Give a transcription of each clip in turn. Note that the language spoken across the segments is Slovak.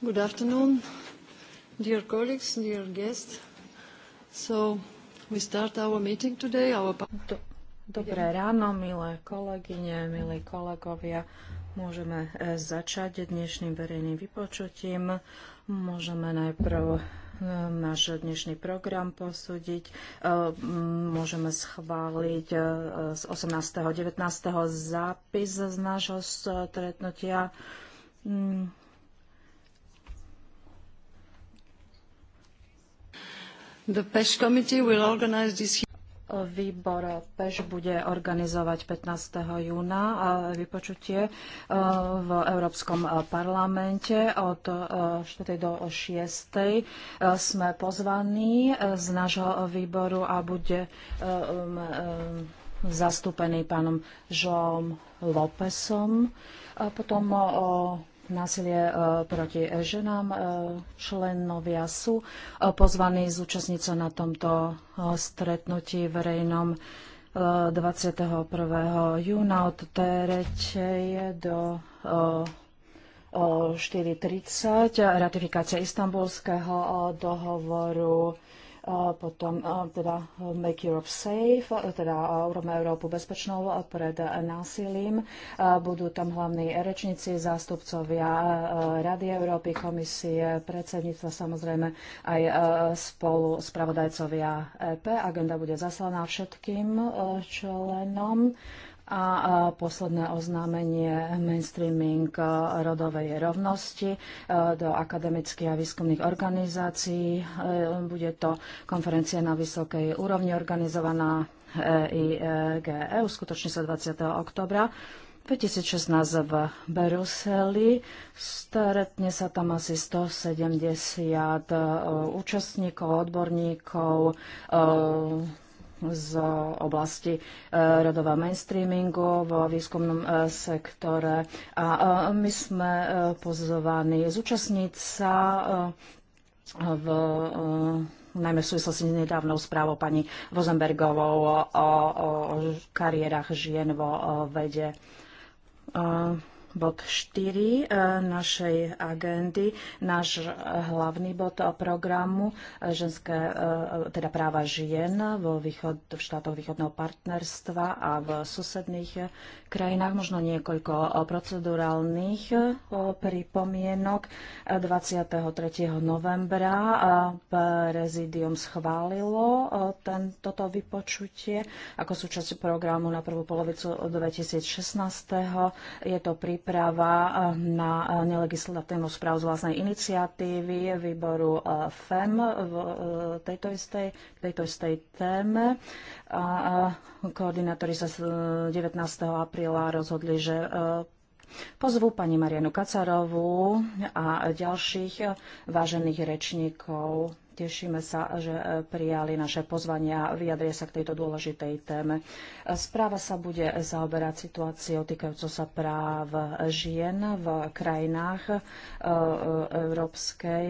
Good afternoon, dear colleagues, dear guests. So we start our meeting today. Our... Dobré ráno, milé kolegyne, milí kolegovia. Môžeme e, začať dnešným verejným vypočutím. Môžeme najprv e, náš dnešný program posúdiť. E, môžeme schváliť z 18. a 19. zápis z nášho stretnutia. Mm, PESH Výbor PEŠ bude organizovať 15. júna vypočutie e, v Európskom e, parlamente od 4. E, do 6. Sme pozvaní z nášho výboru a bude zastúpený pánom Žom Lópezom. A potom o násilie e, proti ženám. E, členovia sú e, pozvaní zúčastniť sa na tomto stretnutí verejnom 21. júna od 3. do 4.30 ratifikácia istambulského dohovoru potom teda Make Europe Safe, teda urobme Európu bezpečnou pred násilím. Budú tam hlavní rečníci, zástupcovia Rady Európy, komisie, predsedníctva, samozrejme aj spolu spravodajcovia EP. Agenda bude zaslaná všetkým e, členom. A posledné oznámenie mainstreaming rodovej rovnosti do akademických a výskumných organizácií. E, bude to konferencia na vysokej úrovni organizovaná EIGE, e uskutoční sa 20. oktobra 2016 v Bruseli. Stretne sa tam asi 170 e, účastníkov, odborníkov, z oblasti e, radova mainstreamingu v výskumnom e, sektore. A e, my sme pozvaní zúčastniť sa v najmä v súvislosti s nedávnou správou pani Vozenbergovou o, o, o kariérach žien vo vede. Uh, bod 4 e, našej agendy, náš hlavný bod programu e, ženské, e, teda práva žien vo východ, v štátoch východného partnerstva a v susedných krajinách. Možno niekoľko procedurálnych pripomienok. 23. novembra prezidium schválilo ten, toto vypočutie ako súčasť programu na prvú polovicu 2016. Je to prípad práva eh, na eh, nelegislatívnu správu z vlastnej iniciatívy výboru eh, FEM v tejto istej, tejto istej téme. A koordinátori sa 19. apríla rozhodli, že Pozvu pani Marianu Kacarovú a ďalších vážených rečníkov. Tešíme sa, že e, prijali naše pozvania a vyjadria sa k tejto dôležitej téme. Správa sa bude zaoberať situáciou týkajúco sa práv žien v krajinách e, e, európskej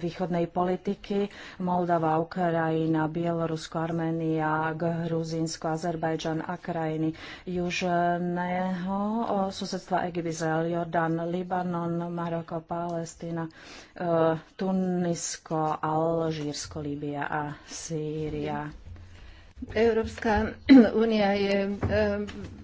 východnej politiky. Moldava, Ukrajina, Bielorusko, Arménia, Gruzinsko, Azerbajdžan a krajiny južného susedstva Egypt, Izrael, Jordán, Libanon, Maroko, Palestína, Tunisko, Turecko, Alžírsko, Líbia a Sýria. Európska únia je eh,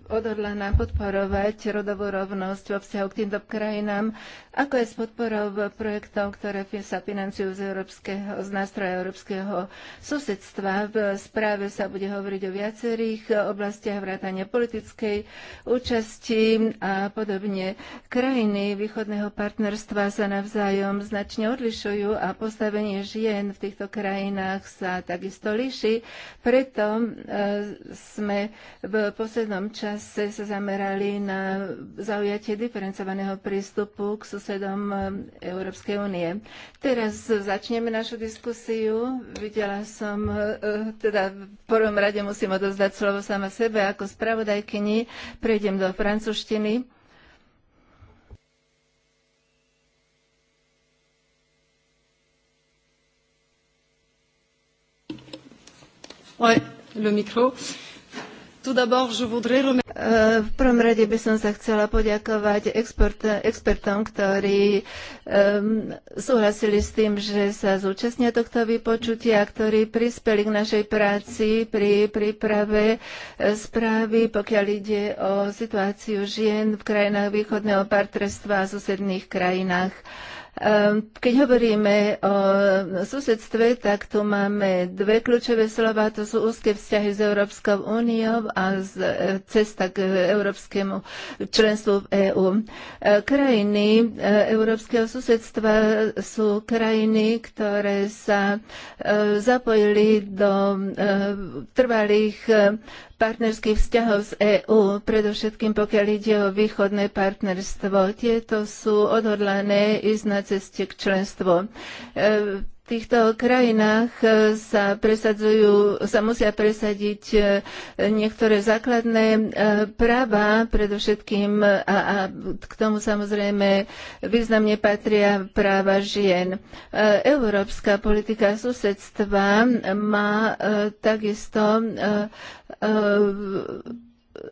odhodlaná podporovať rodovú rovnosť vo vzťahu k týmto krajinám, ako aj s podporou projektov, ktoré sa financujú z, európskeho, z nástroja európskeho susedstva. V správe sa bude hovoriť o viacerých oblastiach vrátania politickej účasti a podobne. Krajiny východného partnerstva sa navzájom značne odlišujú a postavenie žien v týchto krajinách sa takisto líši. Preto e, sme v poslednom čase ste sa zamerali na zaujatie diferencovaného prístupu k susedom eh, Európskej únie. Teraz začneme našu diskusiu. Videla som, eh, teda v prvom rade musím odozdať slovo sama sebe ako spravodajkyni. Prejdem do francúzštiny. Ouais, le micro. Euh, Eh, v prvom rade by som sa chcela poďakovať expertom, ktorí um, súhlasili s tým, že sa zúčastnia tohto vypočutia, ktorí prispeli k našej práci pri príprave eh, správy, pokiaľ ide o situáciu žien v krajinách východného partnerstva a susedných krajinách. Uh, Ehm, keď hovoríme o susedstve, tak tu máme dve kľúčové slova, to sú úzke vzťahy s Európskou úniou a e, cesta k európskemu členstvu v EÚ. E, krajiny e, európskeho susedstva sú krajiny, ktoré sa zapojili do trvalých partnerských vzťahov z EÚ, predovšetkým pokiaľ ide o východné partnerstvo. Tieto sú odhodlané ísť na ceste k členstvu. E, týchto krajinách e, sa, presadzujú, sa musia presadiť e, niektoré základné e, práva, predovšetkým a, a k tomu samozrejme významne patria práva žien. Európska politika susedstva má takisto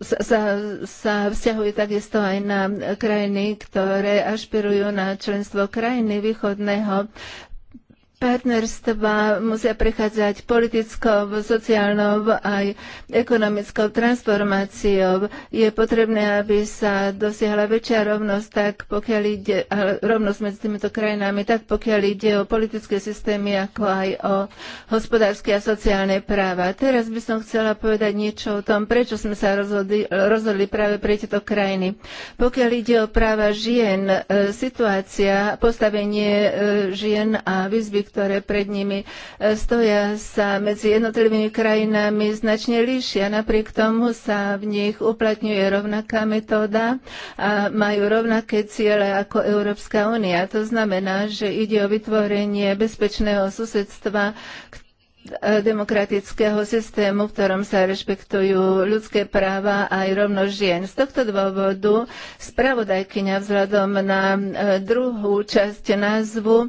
sa, sa, sa vzťahuje takisto aj na krajiny, ktoré ašpirujú na členstvo krajiny východného partnerstva musia prechádzať politickou, sociálnou aj ekonomickou transformáciou. Je potrebné, aby sa dosiahla väčšia rovnosť, tak pokiaľ ide, rovnosť medzi týmito krajinami, tak pokiaľ ide o politické systémy, ako aj o hospodárske a sociálne práva. Teraz by som chcela povedať niečo o tom, prečo sme sa rozhodli, rozhodli práve pre tieto krajiny. Pokiaľ ide o práva žien, e, situácia, postavenie e, žien a výzvy ktoré pred nimi e, stoja, sa medzi jednotlivými krajinami značne líšia. Napriek tomu sa v nich uplatňuje rovnaká metóda a majú rovnaké ciele ako Európska únia. To znamená, že ide o vytvorenie bezpečného susedstva, demokratického systému, v ktorom sa rešpektujú ľudské práva a aj rovnosť žien. Z tohto dôvodu spravodajkyňa vzhľadom na e, druhú časť názvu e,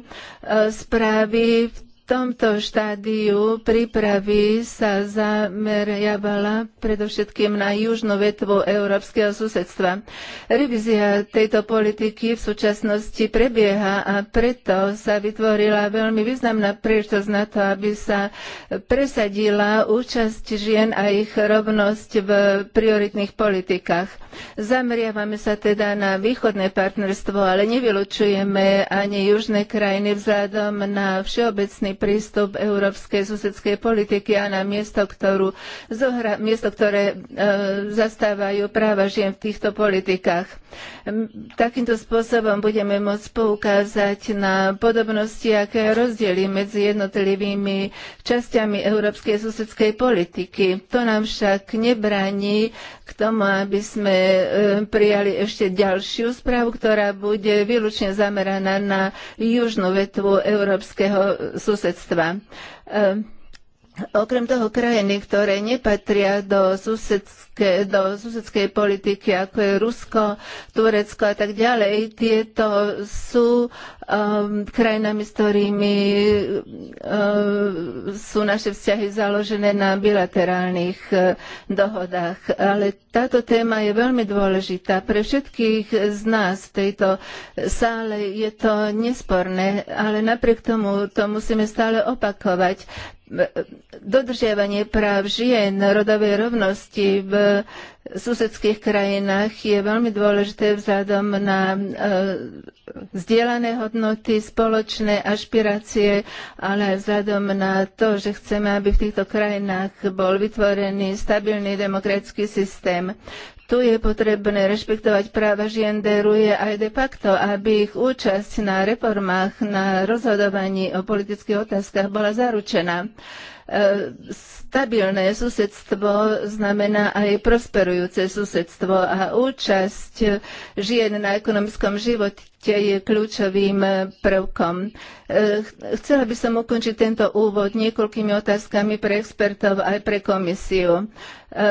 správy v tomto štádiu prípravy sa zameriavala predovšetkým na južnú vetvu európskeho susedstva. Revízia tejto politiky v súčasnosti prebieha a preto sa vytvorila veľmi významná príležitosť na to, aby sa presadila účasť žien a ich rovnosť v prioritných politikách. Zameriavame sa teda na východné partnerstvo, ale nevylučujeme ani južné krajiny vzhľadom na všeobecný prístup európskej susedskej politiky a na miesto, ktorú zohra, miesto ktoré e, zastávajú práva žien v týchto politikách. Takýmto spôsobom budeme môcť poukázať na podobnosti, aké rozdiely medzi jednotlivými časťami európskej susedskej politiky. To nám však nebráni k tomu, aby sme e, prijali ešte ďalšiu správu, ktorá bude výlučne zameraná na južnú vetvu európskeho susedského susedstva. Ehm, okrem toho krajiny, ktoré nepatria do, susedskej, do susedskej politiky, ako je Rusko, Turecko a tak ďalej, tieto sú Um, krajinami, s ktorými um, sú naše vzťahy založené na bilaterálnych uh, dohodách. Ale táto téma je veľmi dôležitá. Pre všetkých z nás v tejto sále je to nesporné, ale napriek tomu to musíme stále opakovať. Dodržiavanie práv žien, rodovej rovnosti v susedských krajinách je veľmi dôležité vzhľadom na e, zdieľané hodnoty, spoločné ašpirácie, ale aj vzhľadom na to, že chceme, aby v týchto krajinách bol vytvorený stabilný demokratický systém. Tu je potrebné rešpektovať práva žien deruje aj de facto, aby ich účasť na reformách, na rozhodovaní o politických otázkach bola zaručená. Stabilné susedstvo znamená aj prosperujúce susedstvo a účasť žien na ekonomickom živote je kľúčovým prvkom. E, chcela by som ukončiť tento úvod niekoľkými otázkami pre expertov aj pre komisiu. E, e,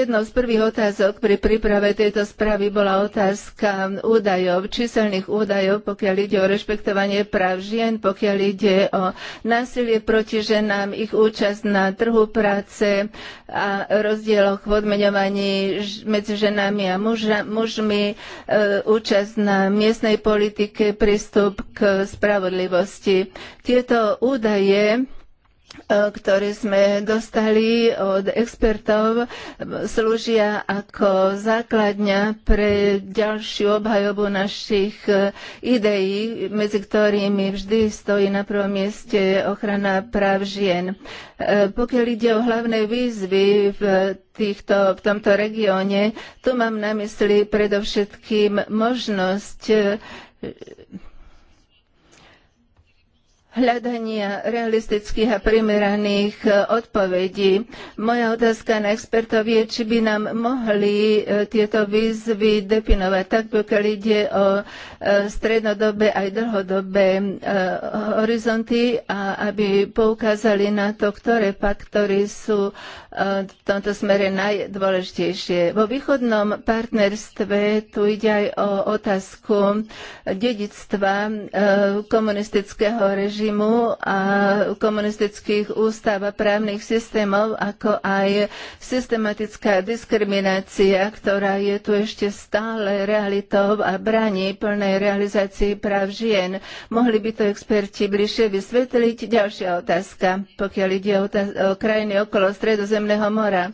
jednou z prvých otázok pri príprave tejto správy bola otázka údajov, číselných údajov, pokiaľ ide o rešpektovanie práv žien, pokiaľ ide o násilie proti ženám, nám ich účasť na trhu práce a rozdieloch v odmeňovaní medzi ženami a muža, mužmi, e, účasť na miestnej politike, prístup k spravodlivosti. Tieto údaje E, ktoré sme dostali od expertov, e, slúžia ako základňa pre ďalšiu obhajobu našich e, ideí, medzi ktorými vždy stojí na prvom mieste ochrana práv žien. Pokiaľ ide o hlavné výzvy v týchto, v tomto regióne, tu mám na mysli predovšetkým možnosť hľadania realistických a primeraných e, odpovedí. Moja otázka na expertov je, či by nám mohli e, tieto výzvy definovať tak, pokiaľ ide o e, strednodobé aj dlhodobé horizonty a aby poukázali na to, ktoré faktory sú v tomto smere najdôležitejšie. Vo východnom partnerstve tu ide aj o otázku dedictva komunistického režimu režimu a komunistických ústav a právnych systémov, ako aj systematická diskriminácia, ktorá je tu ešte stále realitou a braní plnej realizácii práv žien. Mohli by to experti bližšie vysvetliť? Ďalšia otázka, pokiaľ ide o, o krajiny okolo Stredozemného mora.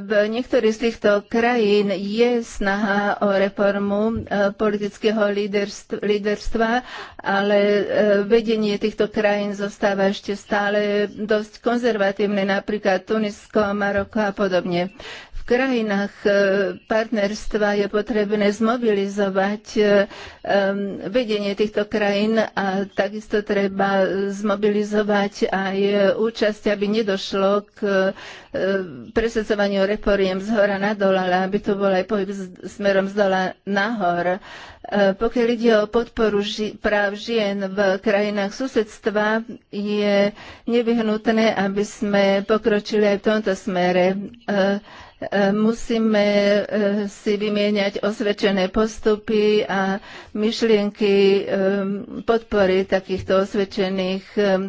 V niektorých z týchto krajín je snaha o reformu e, politického líderstva, ale e, vedenie týchto krajín zostáva ešte stále dosť konzervatívne, napríklad Tunisko, Maroko a podobne krajinách e, partnerstva je potrebné zmobilizovať e, vedenie týchto krajín a takisto treba zmobilizovať aj účasť, aby nedošlo k e, presadzovaniu reforiem z hora na dole, ale aby to bol aj pohyb smerom z dola nahor. Pokiaľ ide o podporu ži- práv žien v krajinách susedstva, je nevyhnutné, aby sme pokročili aj v tomto smere. E, E, musíme e, si vymieňať osvedčené postupy a myšlienky e, podpory takýchto osvedčených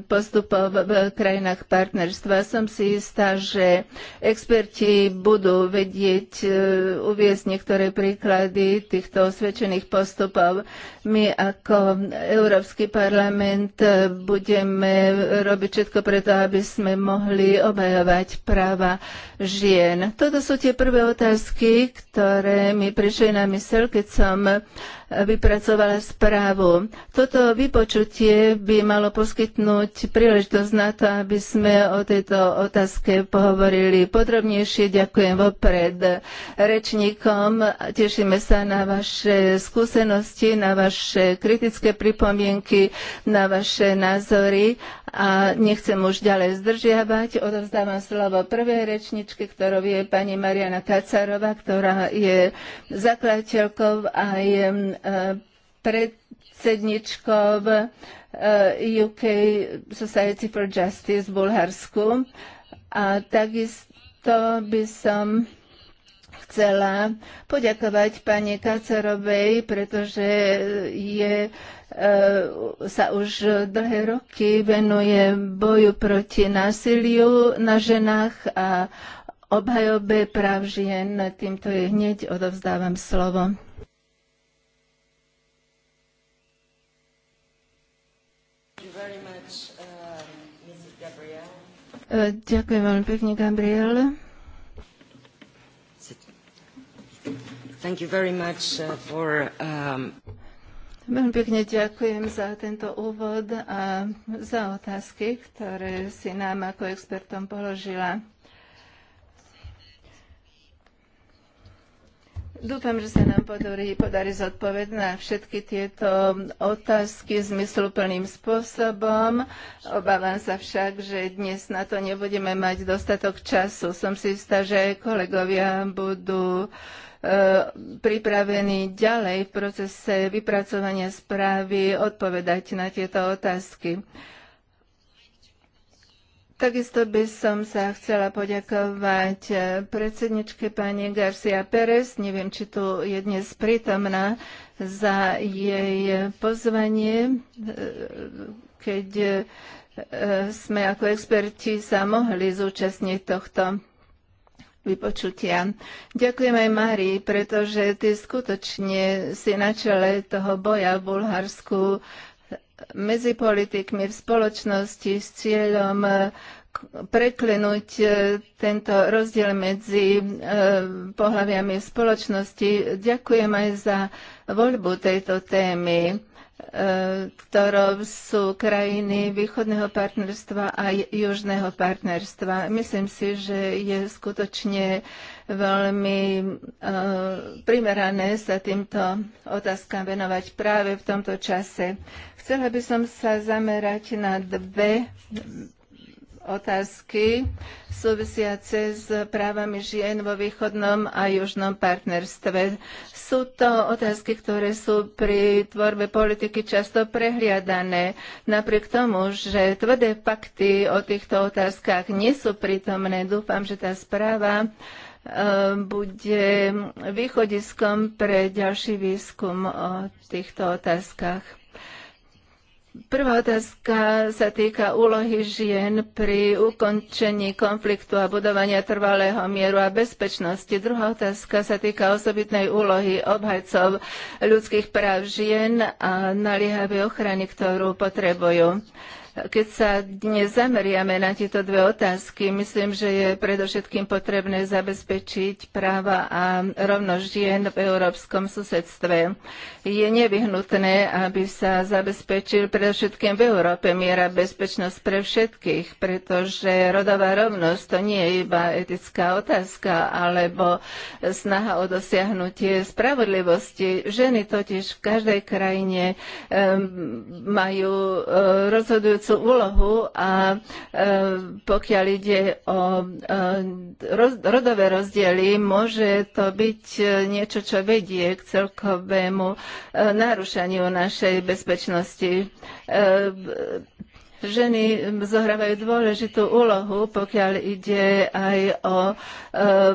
postupov v krajinách partnerstva. Som si istá, že experti budú vedieť uviezť niektoré príklady týchto osvedčených postupov. My ako Európsky parlament budeme robiť všetko preto, aby sme mohli obajovať práva žien. Toto sú tie prvé otázky, ktoré mi prišli na mysel, keď som vypracovala správu. Toto vypočutie by malo poskytnúť príležitosť na to, aby sme o tejto otázke pohovorili podrobnejšie. Ďakujem vopred rečníkom. Tešíme sa na vaše skúsenosti, na vaše kritické pripomienky, na vaše názory a nechcem už ďalej zdržiavať. Odovzdávam slovo prvej rečničke, ktorou je pani Mariana Kacarová, ktorá je zakladateľkou aj Eh, predsedničkou eh, UK Society for Justice v Bulharsku a takisto by som chcela poďakovať pani Kacerovej, pretože je, eh, sa už dlhé roky venuje boju proti násiliu na ženách a obhajobe práv žien. Týmto je hneď odovzdávam slovo. Ďakujem veľmi pekne, Gabriel. Thank you very much uh, for, um... Veľmi pekne ďakujem za tento úvod a za otázky, ktoré si nám ako expertom položila. Dúfam, že sa nám podarí, podarí zodpovedať na všetky tieto otázky zmysluplným spôsobom. Obávam sa však, že dnes na to nebudeme mať dostatok času. Som si istá, že kolegovia budú e, pripravení ďalej v procese vypracovania správy odpovedať na tieto otázky. Takisto by som sa chcela poďakovať eh, predsedničke pani Garcia Pérez, neviem, či tu je dnes prítomná, za jej pozvanie, eh, keď eh, sme ako experti sa mohli zúčastniť tohto vypočutia. Ďakujem aj Márii, pretože ty skutočne si na čele toho boja v Bulharsku medzi politikmi v spoločnosti s cieľom eh, preklenúť eh, tento rozdiel medzi eh, pohľaviami v spoločnosti. Ďakujem aj za voľbu tejto témy ktorou sú krajiny východného partnerstva a južného partnerstva. Myslím si, že je skutočne veľmi e, primerané sa týmto otázkam venovať práve v tomto čase. Chcela by som sa zamerať na dve otázky súvisiace s právami žien vo východnom a južnom partnerstve. Sú to otázky, ktoré sú pri tvorbe politiky často prehliadané. Napriek tomu, že tvrdé fakty o týchto otázkach nie sú prítomné, dúfam, že tá správa e, bude východiskom pre ďalší výskum o týchto otázkach. Prvá otázka sa týka úlohy žien pri ukončení konfliktu a budovania trvalého mieru a bezpečnosti. Druhá otázka sa týka osobitnej úlohy obhajcov ľudských práv žien a naliehavej ochrany, ktorú potrebujú. Keď sa dnes zameriame na tieto dve otázky, myslím, že je predovšetkým potrebné zabezpečiť práva a rovnosť žien v európskom susedstve. Je nevyhnutné, aby sa zabezpečil predovšetkým v Európe miera bezpečnosť pre všetkých, pretože rodová rovnosť to nie je iba etická otázka alebo snaha o dosiahnutie spravodlivosti. Ženy totiž v každej krajine um, majú uh, rozhodujú rozhodujúcu úlohu a e, pokiaľ ide o e, rodové rozdiely, môže to byť e, niečo, čo vedie k celkovému narušaniu našej bezpečnosti ženy zohrávajú dôležitú úlohu, pokiaľ ide aj o e,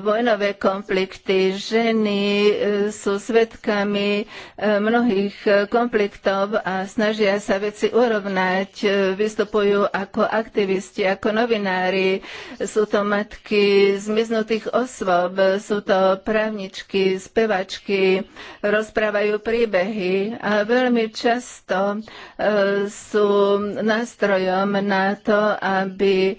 vojnové konflikty. Ženy e, sú svetkami e, mnohých konfliktov a snažia sa veci urovnať. E, vystupujú ako aktivisti, ako novinári. Sú to matky zmiznutých osôb, sú to právničky, spevačky, rozprávajú príbehy a veľmi často e, sú nástroje nástrojom na to, aby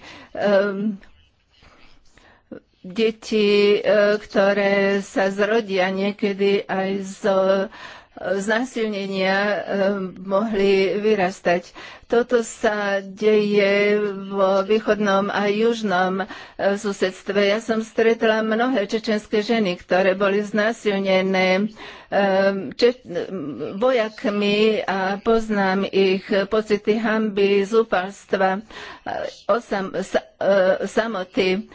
deti, e, ktoré sa zrodia niekedy aj z e, znásilnenia e, mohli vyrastať. Toto sa deje vo východnom a južnom eh, susedstve. Ja som stretla mnohé čečenské ženy, ktoré boli znásilnené ehm, vojakmi a poznám ich pocity hamby, zúfalstva, eh, osam, sa, eh, samoty.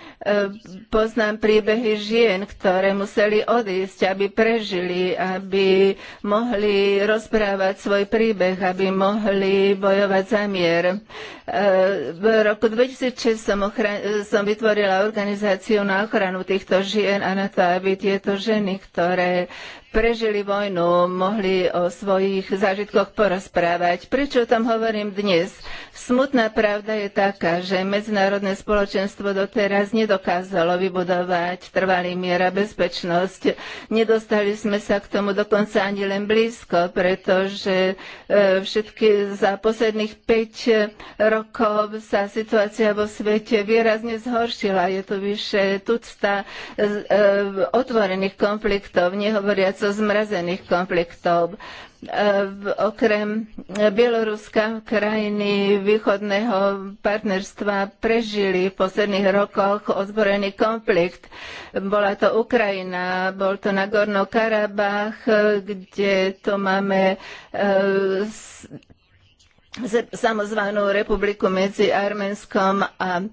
Poznám príbehy žien, ktoré museli odísť, aby prežili, aby mohli rozprávať svoj príbeh, aby mohli bojovať zamier. E, v roku 2006 som, ochra- som vytvorila organizáciu na ochranu týchto žien a na to, aby tieto ženy, ktoré prežili vojnu, mohli o svojich zážitkoch porozprávať. Prečo o tom hovorím dnes? Smutná pravda je taká, že medzinárodné spoločenstvo doteraz nedokázalo vybudovať trvalý mier a bezpečnosť. Nedostali sme sa k tomu dokonca ani len blízko, pretože e, všetky za posledných 5 e, rokov sa situácia vo svete výrazne zhoršila. Je tu vyše tucta e, otvorených konfliktov, nehovoriac zo zmrazených konfliktov. E, okrem Bieloruska krajiny východného partnerstva prežili v posledných rokoch ozborený konflikt. Bola to Ukrajina, bol to Nagorno Karabach, e, kde tu máme e, samozvanú republiku medzi Arménskom a um,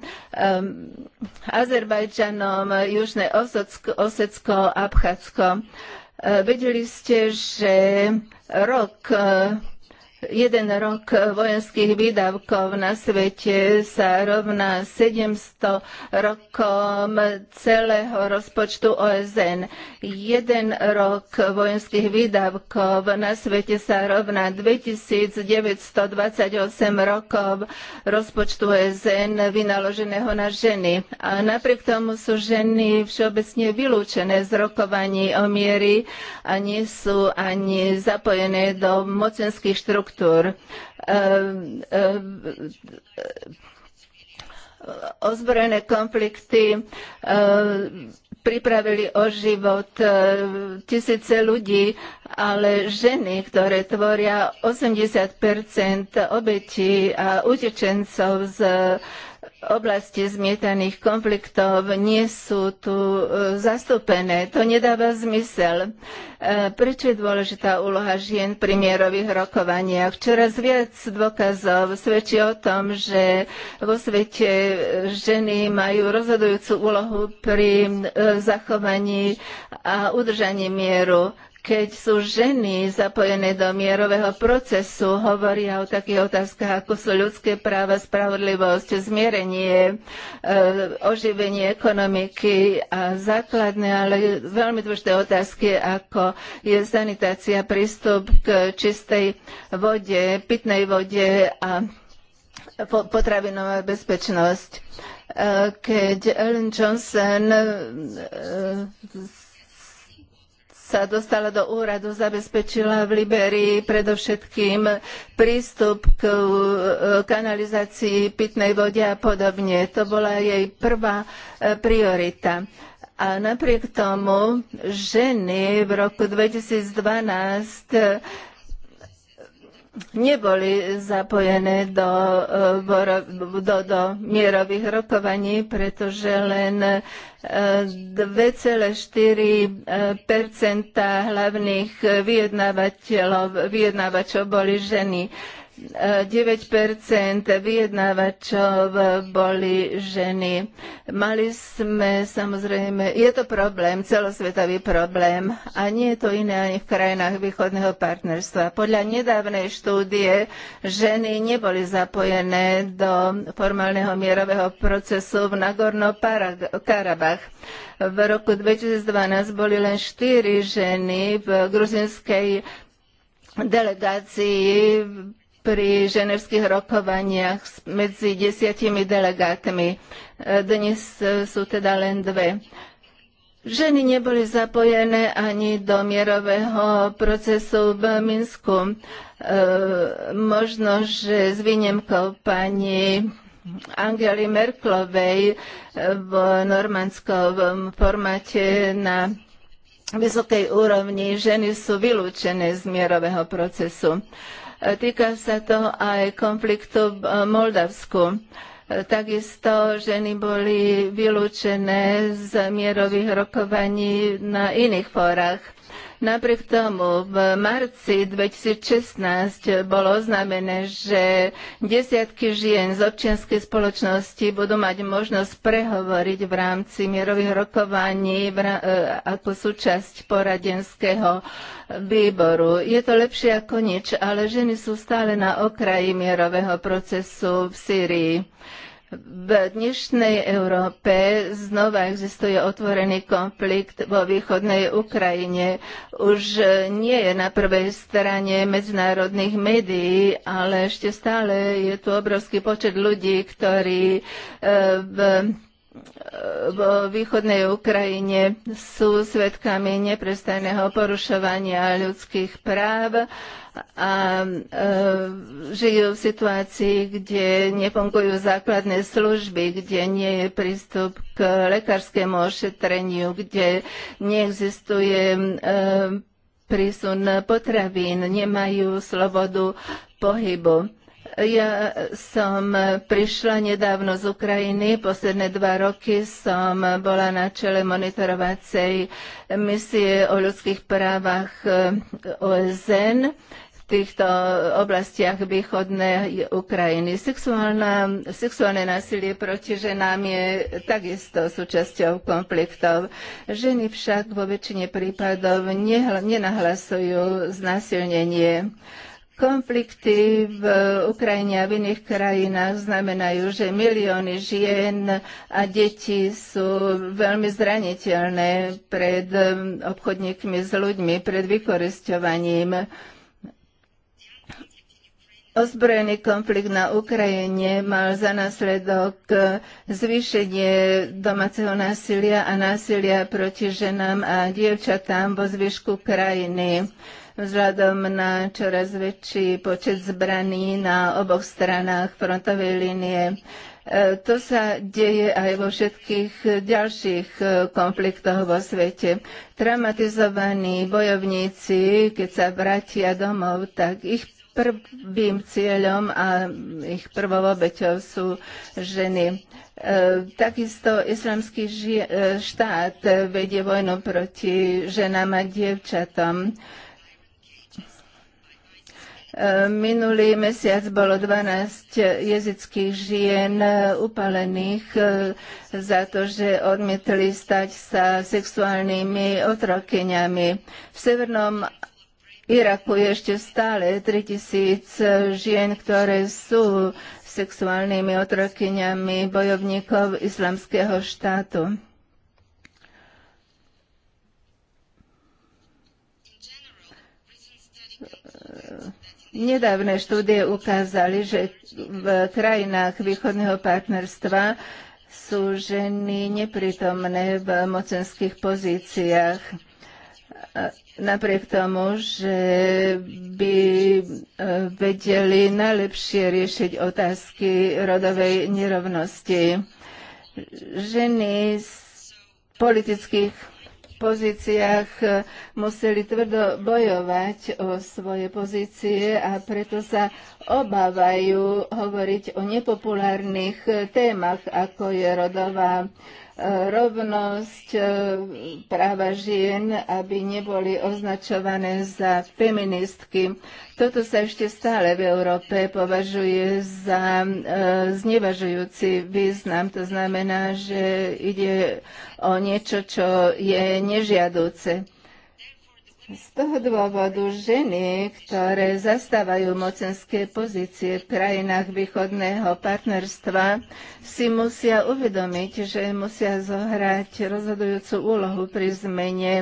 Azerbajdžanom, Južné Osecko, Osecko Abchádzko. E, vedeli ste, že rok e, jeden rok vojenských výdavkov na svete sa rovná 700 rokom celého rozpočtu OSN. Jeden rok vojenských výdavkov na svete sa rovná 2928 rokov rozpočtu OSN vynaloženého na ženy. A napriek tomu sú ženy všeobecne vylúčené z rokovaní o miery a nie sú ani zapojené do mocenských štruktúr doktor. Ehm, ehm, ozbrojené konflikty ehm, pripravili o život tisíce ľudí, ale ženy, ktoré tvoria 80 obetí a utečencov z oblasti zmietaných konfliktov nie sú tu e, zastúpené. To nedáva zmysel. E, prečo je dôležitá úloha žien pri mierových rokovaniach? Čoraz viac dôkazov svedčí o tom, že vo svete ženy majú rozhodujúcu úlohu pri e, zachovaní a udržaní mieru keď sú ženy zapojené do mierového procesu, hovoria o takých otázkach, ako sú ľudské práva, spravodlivosť, zmierenie, e, oživenie ekonomiky a základné, ale veľmi dôležité otázky, ako je sanitácia, prístup k čistej vode, pitnej vode a potravinová bezpečnosť e, keď Ellen Johnson e, sa dostala do úradu, zabezpečila v Liberii predovšetkým prístup k e, kanalizácii pitnej vode a podobne. To bola jej prvá e, priorita. A napriek tomu ženy v roku 2012 neboli zapojené do, eh, do, do mierových rokovaní, pretože len 2,4 eh, eh, hlavných vyjednávateľov, vyjednávačov boli ženy. 9 vyjednávačov boli ženy. Mali sme samozrejme, je to problém, celosvetový problém a nie je to iné ani v krajinách východného partnerstva. Podľa nedávnej štúdie ženy neboli zapojené do formálneho mierového procesu v Nagorno-Karabach. V roku 2012 boli len štyri ženy v gruzinskej delegácii pri ženevských rokovaniach medzi desiatimi delegátmi. E, dnes e, sú teda len dve. Ženy neboli zapojené ani do mierového procesu v Minsku. E, možno, že s výnimkou pani Angely Merklovej v normandskom formáte na vysokej úrovni ženy sú vylúčené z mierového procesu. Týka sa to aj konfliktu v eh, Moldavsku. Eh, takisto ženy boli vylúčené z mierových rokovaní na iných fórach. Napriek tomu v marci 2016 bolo oznámené, že desiatky žien z občianskej spoločnosti budú mať možnosť prehovoriť v rámci mierových rokovaní e, ako súčasť poradenského výboru. Je to lepšie ako nič, ale ženy sú stále na okraji mierového procesu v Sýrii. V dnešnej Európe znova existuje otvorený konflikt vo východnej Ukrajine. Už nie je na prvej strane medzinárodných médií, ale ešte stále je tu obrovský počet ľudí, ktorí eh, v vo východnej Ukrajine sú svetkami neprestajného porušovania ľudských práv a e, žijú v situácii, kde nefungujú základné služby, kde nie je prístup k lekárskému ošetreniu, kde neexistuje e, prísun potravín, nemajú slobodu pohybu. Ja som prišla nedávno z Ukrajiny, posledné dva roky som bola na čele monitorovacej misie o ľudských právach eh, OSN v týchto oblastiach východnej Ukrajiny. Sexuálna, sexuálne násilie proti ženám je takisto súčasťou konfliktov. Ženy však vo väčšine prípadov nenahlasujú znásilnenie. Konflikty v Ukrajine a v iných krajinách znamenajú, že milióny žien a detí sú veľmi zraniteľné pred um, obchodníkmi s ľuďmi, pred vykoristovaním. Ozbrojený konflikt na Ukrajine mal za následok zvýšenie domáceho násilia a násilia proti ženám a dievčatám vo zvyšku krajiny vzhľadom na čoraz väčší počet zbraní na oboch stranách frontovej línie. E, to sa deje aj vo všetkých ďalších e, konfliktoch vo svete. Traumatizovaní bojovníci, keď sa vrátia domov, tak ich prvým cieľom a ich prvou obeťou sú ženy. E, takisto islamský štát vedie vojnu proti ženám a dievčatom Minulý mesiac bolo 12 jezických žien e, upalených e, za to, že odmietli stať sa sexuálnymi otrokyňami. V Severnom Iraku je ešte stále 3000 žien, ktoré sú sexuálnymi otrokyňami bojovníkov islamského štátu. Uh, Nedávne štúdie ukázali, že v krajinách východného partnerstva sú ženy neprítomné v mocenských pozíciách. Napriek tomu, že by e, vedeli najlepšie riešiť otázky rodovej nerovnosti. Ženy z politických pozíciách e, museli tvrdo bojovať o svoje pozície a preto sa obávajú hovoriť o nepopulárnych témach, ako je rodová rovnosť e, práva žien, aby neboli označované za feministky. Toto sa ešte stále v Európe považuje za e, znevažujúci význam. To znamená, že ide o niečo, čo je nežiadúce. Z toho dôvodu ženy, ktoré zastávajú mocenské pozície v krajinách východného partnerstva, si musia uvedomiť, že musia zohrať rozhodujúcu úlohu pri zmene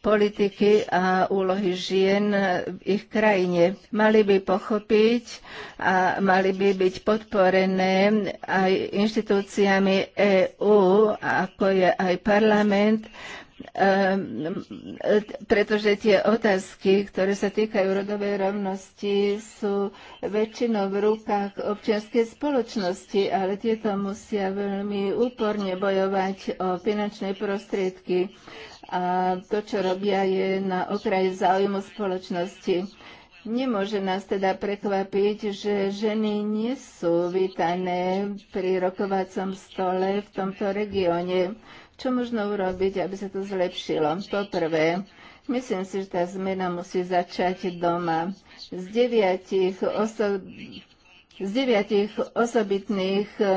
politiky a úlohy žien v ich krajine. Mali by pochopiť a mali by byť podporené aj inštitúciami EÚ, ako je aj parlament, Ehm, pretože tie otázky, ktoré sa týkajú rodovej rovnosti, sú väčšinou v rukách občianskej spoločnosti, ale tieto musia veľmi úporne bojovať o finančné prostriedky a to, čo robia, je na okraji záujmu spoločnosti. Nemôže nás teda prekvapiť, že ženy nie sú vítané pri rokovacom stole v tomto regióne. Čo možno urobiť, aby sa to zlepšilo? Poprvé, myslím si, že tá zmena musí začať doma. Z deviatich, oso- z deviatich osobitných e,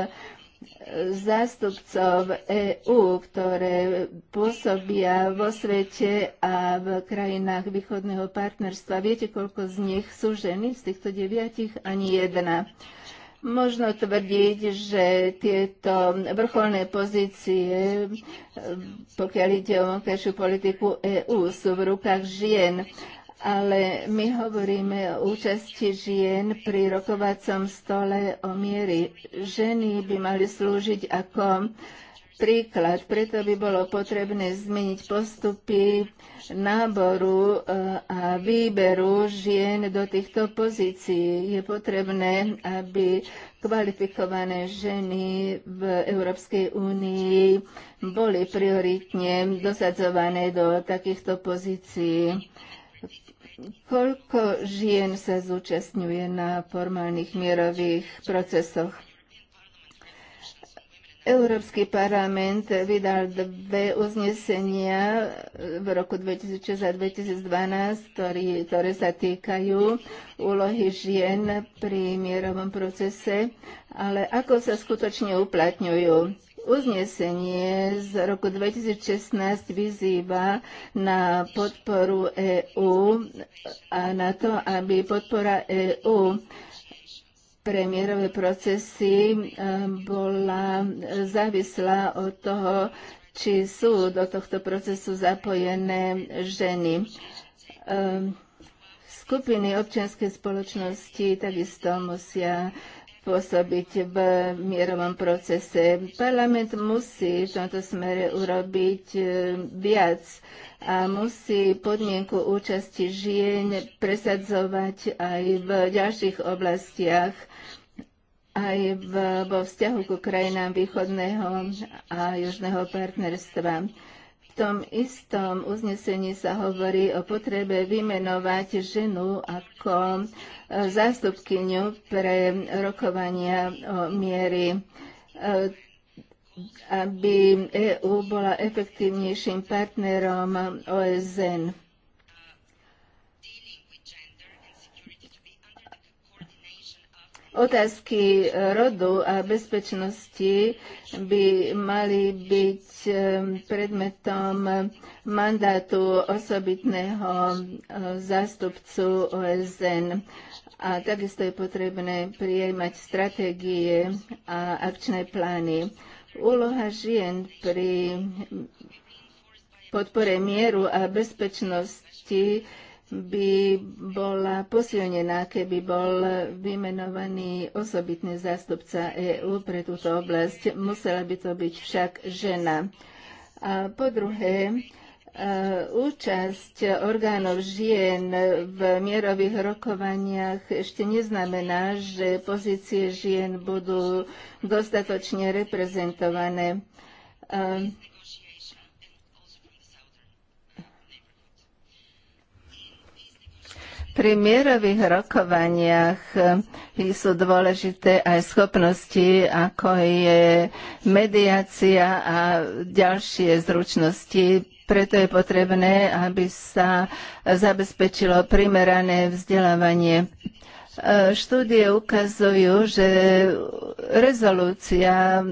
zástupcov EÚ, ktoré pôsobia vo svete a v krajinách východného partnerstva. Viete, koľko z nich sú ženy? Z týchto deviatich ani jedna. Možno tvrdiť, že tieto vrcholné pozície, pokiaľ ide o vonkajšiu politiku EÚ, sú v rukách žien ale my hovoríme o účasti žien pri rokovacom stole o miery. Ženy by mali slúžiť ako príklad. Preto by bolo potrebné zmeniť postupy náboru e, a výberu žien do týchto pozícií. Je potrebné, aby kvalifikované ženy v Európskej únii boli prioritne dosadzované do takýchto pozícií. Koľko žien sa zúčastňuje na formálnych mierových procesoch? Európsky parlament vydal dve uznesenia v roku 2006 a 2012, ktorý, ktoré sa týkajú úlohy žien pri mierovom procese, ale ako sa skutočne uplatňujú. Uznesenie z roku 2016 vyzýva na podporu EÚ a na to, aby podpora EÚ pre mierové procesy bola závislá od toho, či sú do tohto procesu zapojené ženy. Skupiny občianskej spoločnosti takisto musia pôsobiť v mierovom procese. Parlament musí v tomto smere urobiť viac a musí podmienku účasti žien presadzovať aj v ďalších oblastiach aj v, vo vzťahu ku krajinám východného a južného partnerstva. V tom istom uznesení sa hovorí o potrebe vymenovať ženu ako e, zástupkyňu pre rokovania o miery e, aby EÚ bola efektívnejším partnerom OSN. Otázky e, rodu a bezpečnosti by mali byť e, predmetom mandátu osobitného e, zástupcu OSN. A takisto je potrebné prijímať stratégie a akčné plány. Úloha žien pri podpore mieru a bezpečnosti by bola posilnená, keby bol vymenovaný osobitný zástupca EÚ pre túto oblasť. Musela by to byť však žena. A po druhé, e, účasť orgánov žien v mierových rokovaniach ešte neznamená, že pozície žien budú dostatočne reprezentované. A e, Pri mierových rokovaniach e, sú dôležité aj schopnosti, ako je mediácia a ďalšie zručnosti preto je potrebné, aby sa zabezpečilo primerané vzdelávanie. E, štúdie ukazujú, že rezolúcia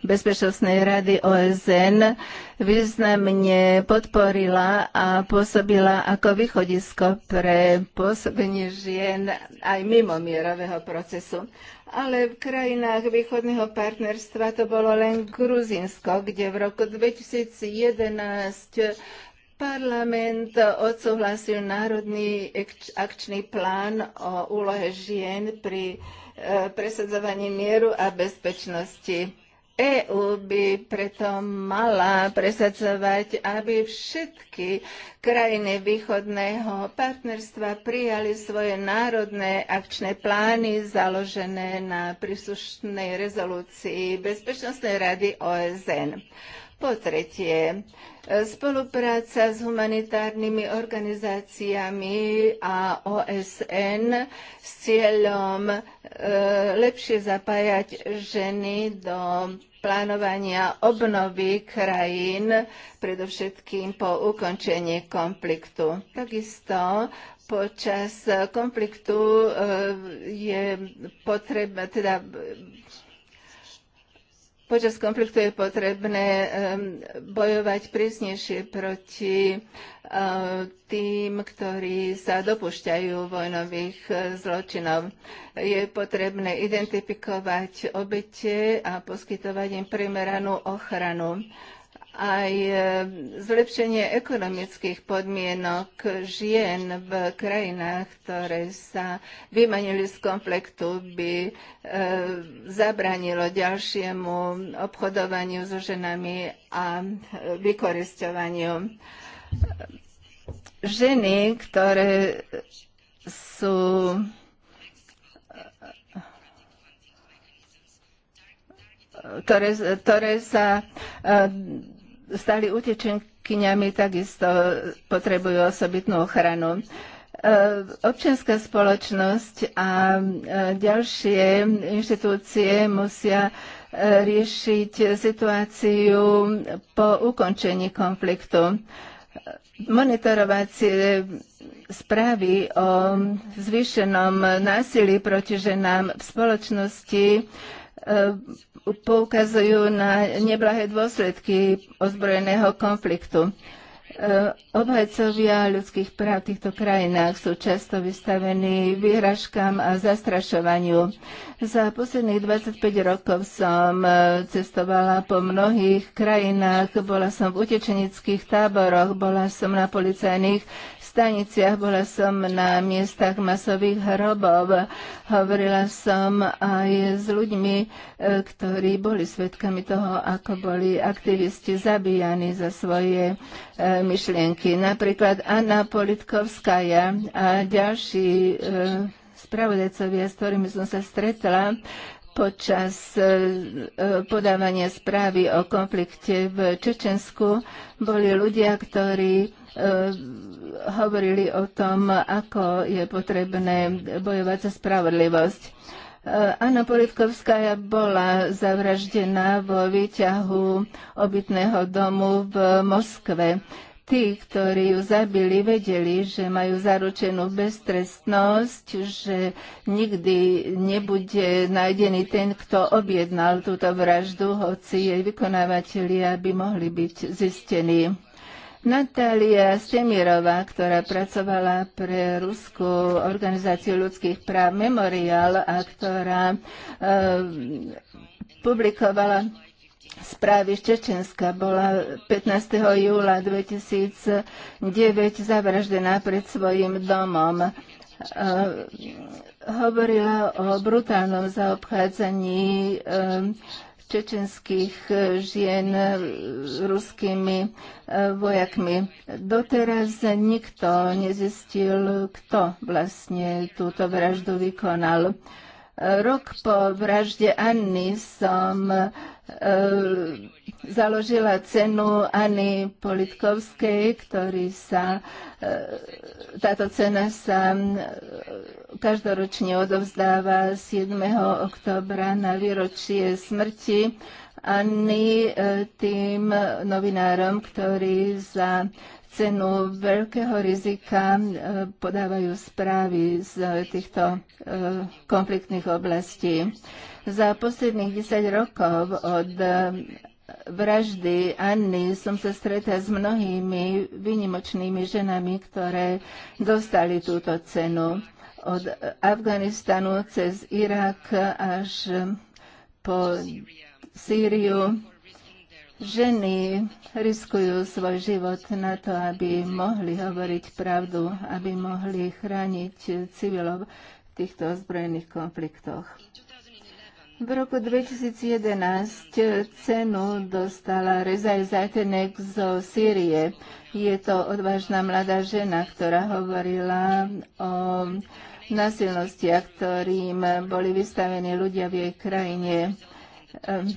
Bezpečnostnej rady OSN významne podporila a pôsobila ako východisko pre pôsobenie žien aj mimo mierového procesu. Ale v krajinách východného partnerstva to bolo len Gruzinsko, kde v roku 2011 parlament odsúhlasil národný akčný plán o úlohe žien pri e, presadzovaní mieru a bezpečnosti. EÚ by preto mala presadzovať, aby všetky krajiny východného partnerstva prijali svoje národné akčné plány založené na príslušnej rezolúcii Bezpečnostnej rady OSN. Po tretie, spolupráca s humanitárnymi organizáciami a OSN s cieľom e, lepšie zapájať ženy do plánovania obnovy krajín, predovšetkým po ukončení konfliktu. Takisto počas konfliktu eh, je potreba, teda Počas konfliktu je potrebné bojovať prísnejšie proti eh, tým, ktorí sa dopušťajú vojnových eh, zločinov. Je potrebné identifikovať obete a poskytovať im primeranú ochranu aj e, zlepšenie ekonomických podmienok žien v krajinách, ktoré sa vymanili z konfliktu, by e, zabranilo ďalšiemu obchodovaniu so ženami a e, vykoristovaniu. Ženy, ktoré sú ktoré, ktoré sa stali utečenkyňami, takisto potrebujú osobitnú ochranu e, občianská spoločnosť a e, ďalšie inštitúcie musia e, riešiť situáciu po ukončení konfliktu. Monitorovacie správy o zvýšenom násilí proti ženám v spoločnosti E, poukazujú na neblahé dôsledky ozbrojeného konfliktu. E, obhajcovia ľudských práv v týchto krajinách sú často vystavení výhražkám a zastrašovaniu. Za posledných 25 rokov som e, cestovala po mnohých krajinách, bola som v utečenických táboroch, bola som na policajných staniciach, bola som na miestach masových hrobov, hovorila som aj s ľuďmi, e, ktorí boli svedkami toho, ako boli aktivisti zabíjani za svoje e, myšlienky. Napríklad Anna Politkovskaja a ďalší e, spravodajcovia, s ktorými som sa stretla, počas podávania správy o konflikte v Čečensku boli ľudia, ktorí Eh, hovorili o tom, ako je potrebné bojovať za spravodlivosť. Eh, Anna Polivkovská bola zavraždená vo výťahu obytného domu v Moskve. Tí, ktorí ju zabili, vedeli, že majú zaručenú beztrestnosť, že nikdy nebude nájdený ten, kto objednal túto vraždu, hoci jej vykonávateľia by mohli byť zistení. Natália Stemirová, ktorá pracovala pre Ruskú organizáciu ľudských práv Memorial a ktorá e, publikovala správy z Čečenska bola 15. júla 2009 zavraždená pred svojim domom. E, hovorila o brutálnom zaobchádzaní e, čečenských eh, žien eh, ruskými eh, vojakmi. Doteraz nikto nezistil, kto vlastne túto vraždu vykonal. Rok po vražde Anny som E, založila cenu Anny Politkovskej, ktorý sa, e, táto cena sa e, každoročne odovzdáva 7. oktobra na výročie smrti Anny tým novinárom, ktorí za cenu veľkého rizika e, podávajú správy z týchto e, konfliktných oblastí. Za posledných 10 rokov od e, vraždy Anny som sa stretla s mnohými vynimočnými ženami, ktoré dostali túto cenu. Od Afganistanu cez Irak až po Sýriu Ženy riskujú svoj život na to, aby mohli hovoriť pravdu, aby mohli chrániť civilov v týchto ozbrojených konfliktoch. V roku 2011 cenu dostala Rezaj Zajtenek zo Sýrie. Je to odvážna mladá žena, ktorá hovorila o násilnostiach, ktorým boli vystavení ľudia v jej krajine. Ehm,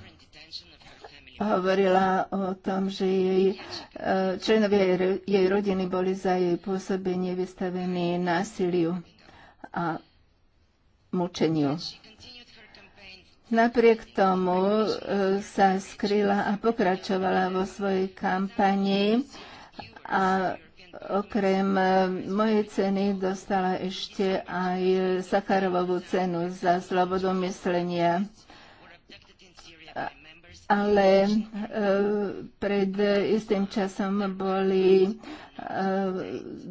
hovorila o tom, že jej e, členovia jej, jej rodiny boli za jej pôsobenie vystavení násiliu a mučeniu. Napriek tomu e, sa skryla a pokračovala vo svojej kampani a okrem e, mojej ceny dostala ešte aj Sakarovovú cenu za slobodu myslenia ale eh, pred istým časom boli, eh,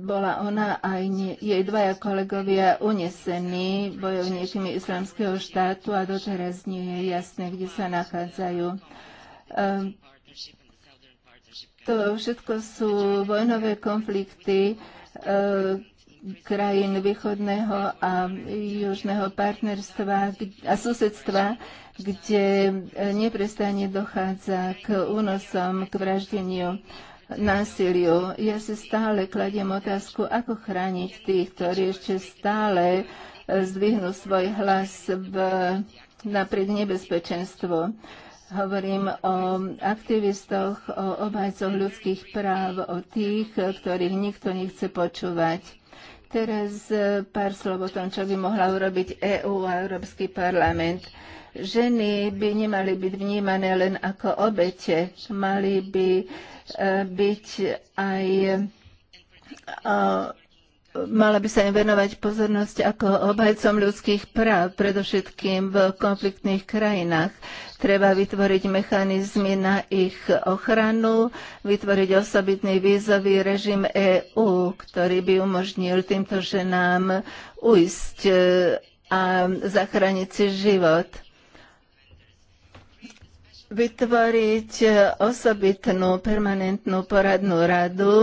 bola ona aj jej dvaja kolegovia unesení bojovníkmi islamského štátu a doteraz nie je jasné, kde sa nachádzajú. Eh, to všetko sú vojnové konflikty, krajín východného a južného partnerstva a susedstva, kde e, neprestane dochádza k únosom, k vraždeniu násiliu. Ja si stále kladiem otázku, ako chrániť tých, ktorí ešte stále e, zdvihnú svoj hlas v, napriek nebezpečenstvu. Hovorím o aktivistoch, o obhajcoch ľudských práv, o tých, ktorých nikto nechce počúvať. Teraz e, pár slov o tom, čo by mohla urobiť EÚ EU a Európsky parlament. Ženy by nemali byť vnímané len ako obete, mali by e, byť aj e, mala by sa im venovať pozornosť ako obhajcom ľudských práv, predovšetkým v konfliktných krajinách. Treba vytvoriť mechanizmy na ich ochranu, vytvoriť osobitný vízový režim EÚ, ktorý by umožnil týmto ženám ujsť e, a zachrániť si život vytvoriť osobitnú permanentnú poradnú radu,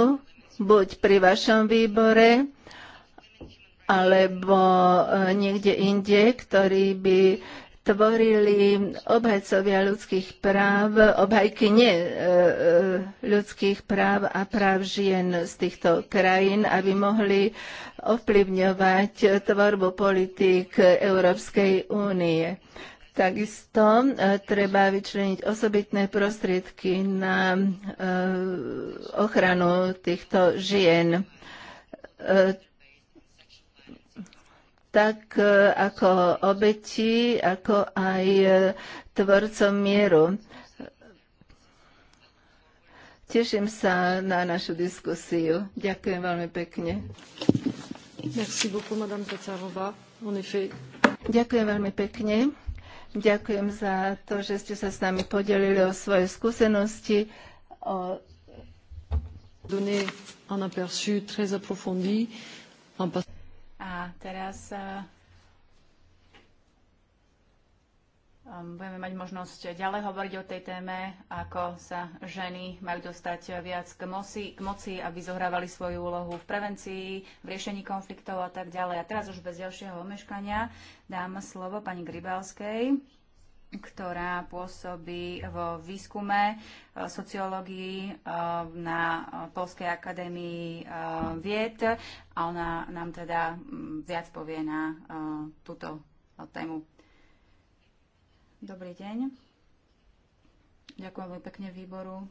buď pri vašom výbore, alebo eh, niekde inde, ktorí by tvorili obhajcovia ľudských práv, obhajky nie eh, eh, ľudských práv a práv žien z týchto krajín, aby mohli ovplyvňovať tvorbu politík Európskej únie. Takisto e, treba vyčleniť osobitné prostriedky na e, ochranu týchto žien e, tak ako obeti, ako aj tvorcom mieru. Teším sa na našu diskusiu. Ďakujem veľmi pekne. Merci beaucoup, Madame effet. Ďakujem veľmi pekne. Ďakujem za to, že ste sa s nami podelili o svoje skúsenosti. O... A teraz eh, Ehm, budeme mať možnosť ďalej hovoriť o tej téme, ako sa ženy majú dostať viac k moci, k moci aby zohrávali svoju úlohu v prevencii, v riešení konfliktov a tak ďalej. A teraz už bez ďalšieho omeškania dám slovo pani Gribalskej, ktorá pôsobí vo výskume eh, sociológii eh, na Polskej akadémii eh, vied a ona nám teda hm, viac povie na túto tému. Dobrý deň. Ďakujem veľmi pekne výboru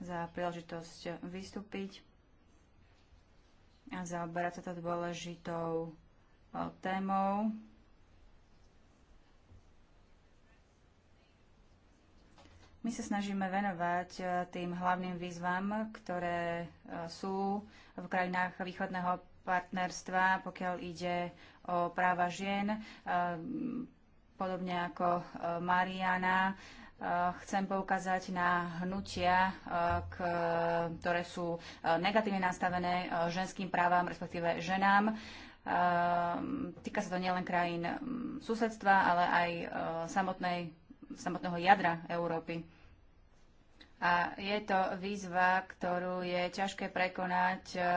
za príležitosť vystúpiť a zaoberať sa to dôležitou e, témou. My sa snažíme venovať e, tým hlavným výzvam, ktoré e, sú v krajinách východného partnerstva, pokiaľ ide o práva žien, podobne ako e, Mariana, e, chcem poukázať na hnutia, e, ktoré sú negatívne nastavené ženským právam, respektíve ženám. Týka sa to nielen krajín susedstva, ale aj samotnej, samotného jadra Európy. A je to výzva, ktorú je ťažké prekonať e, e,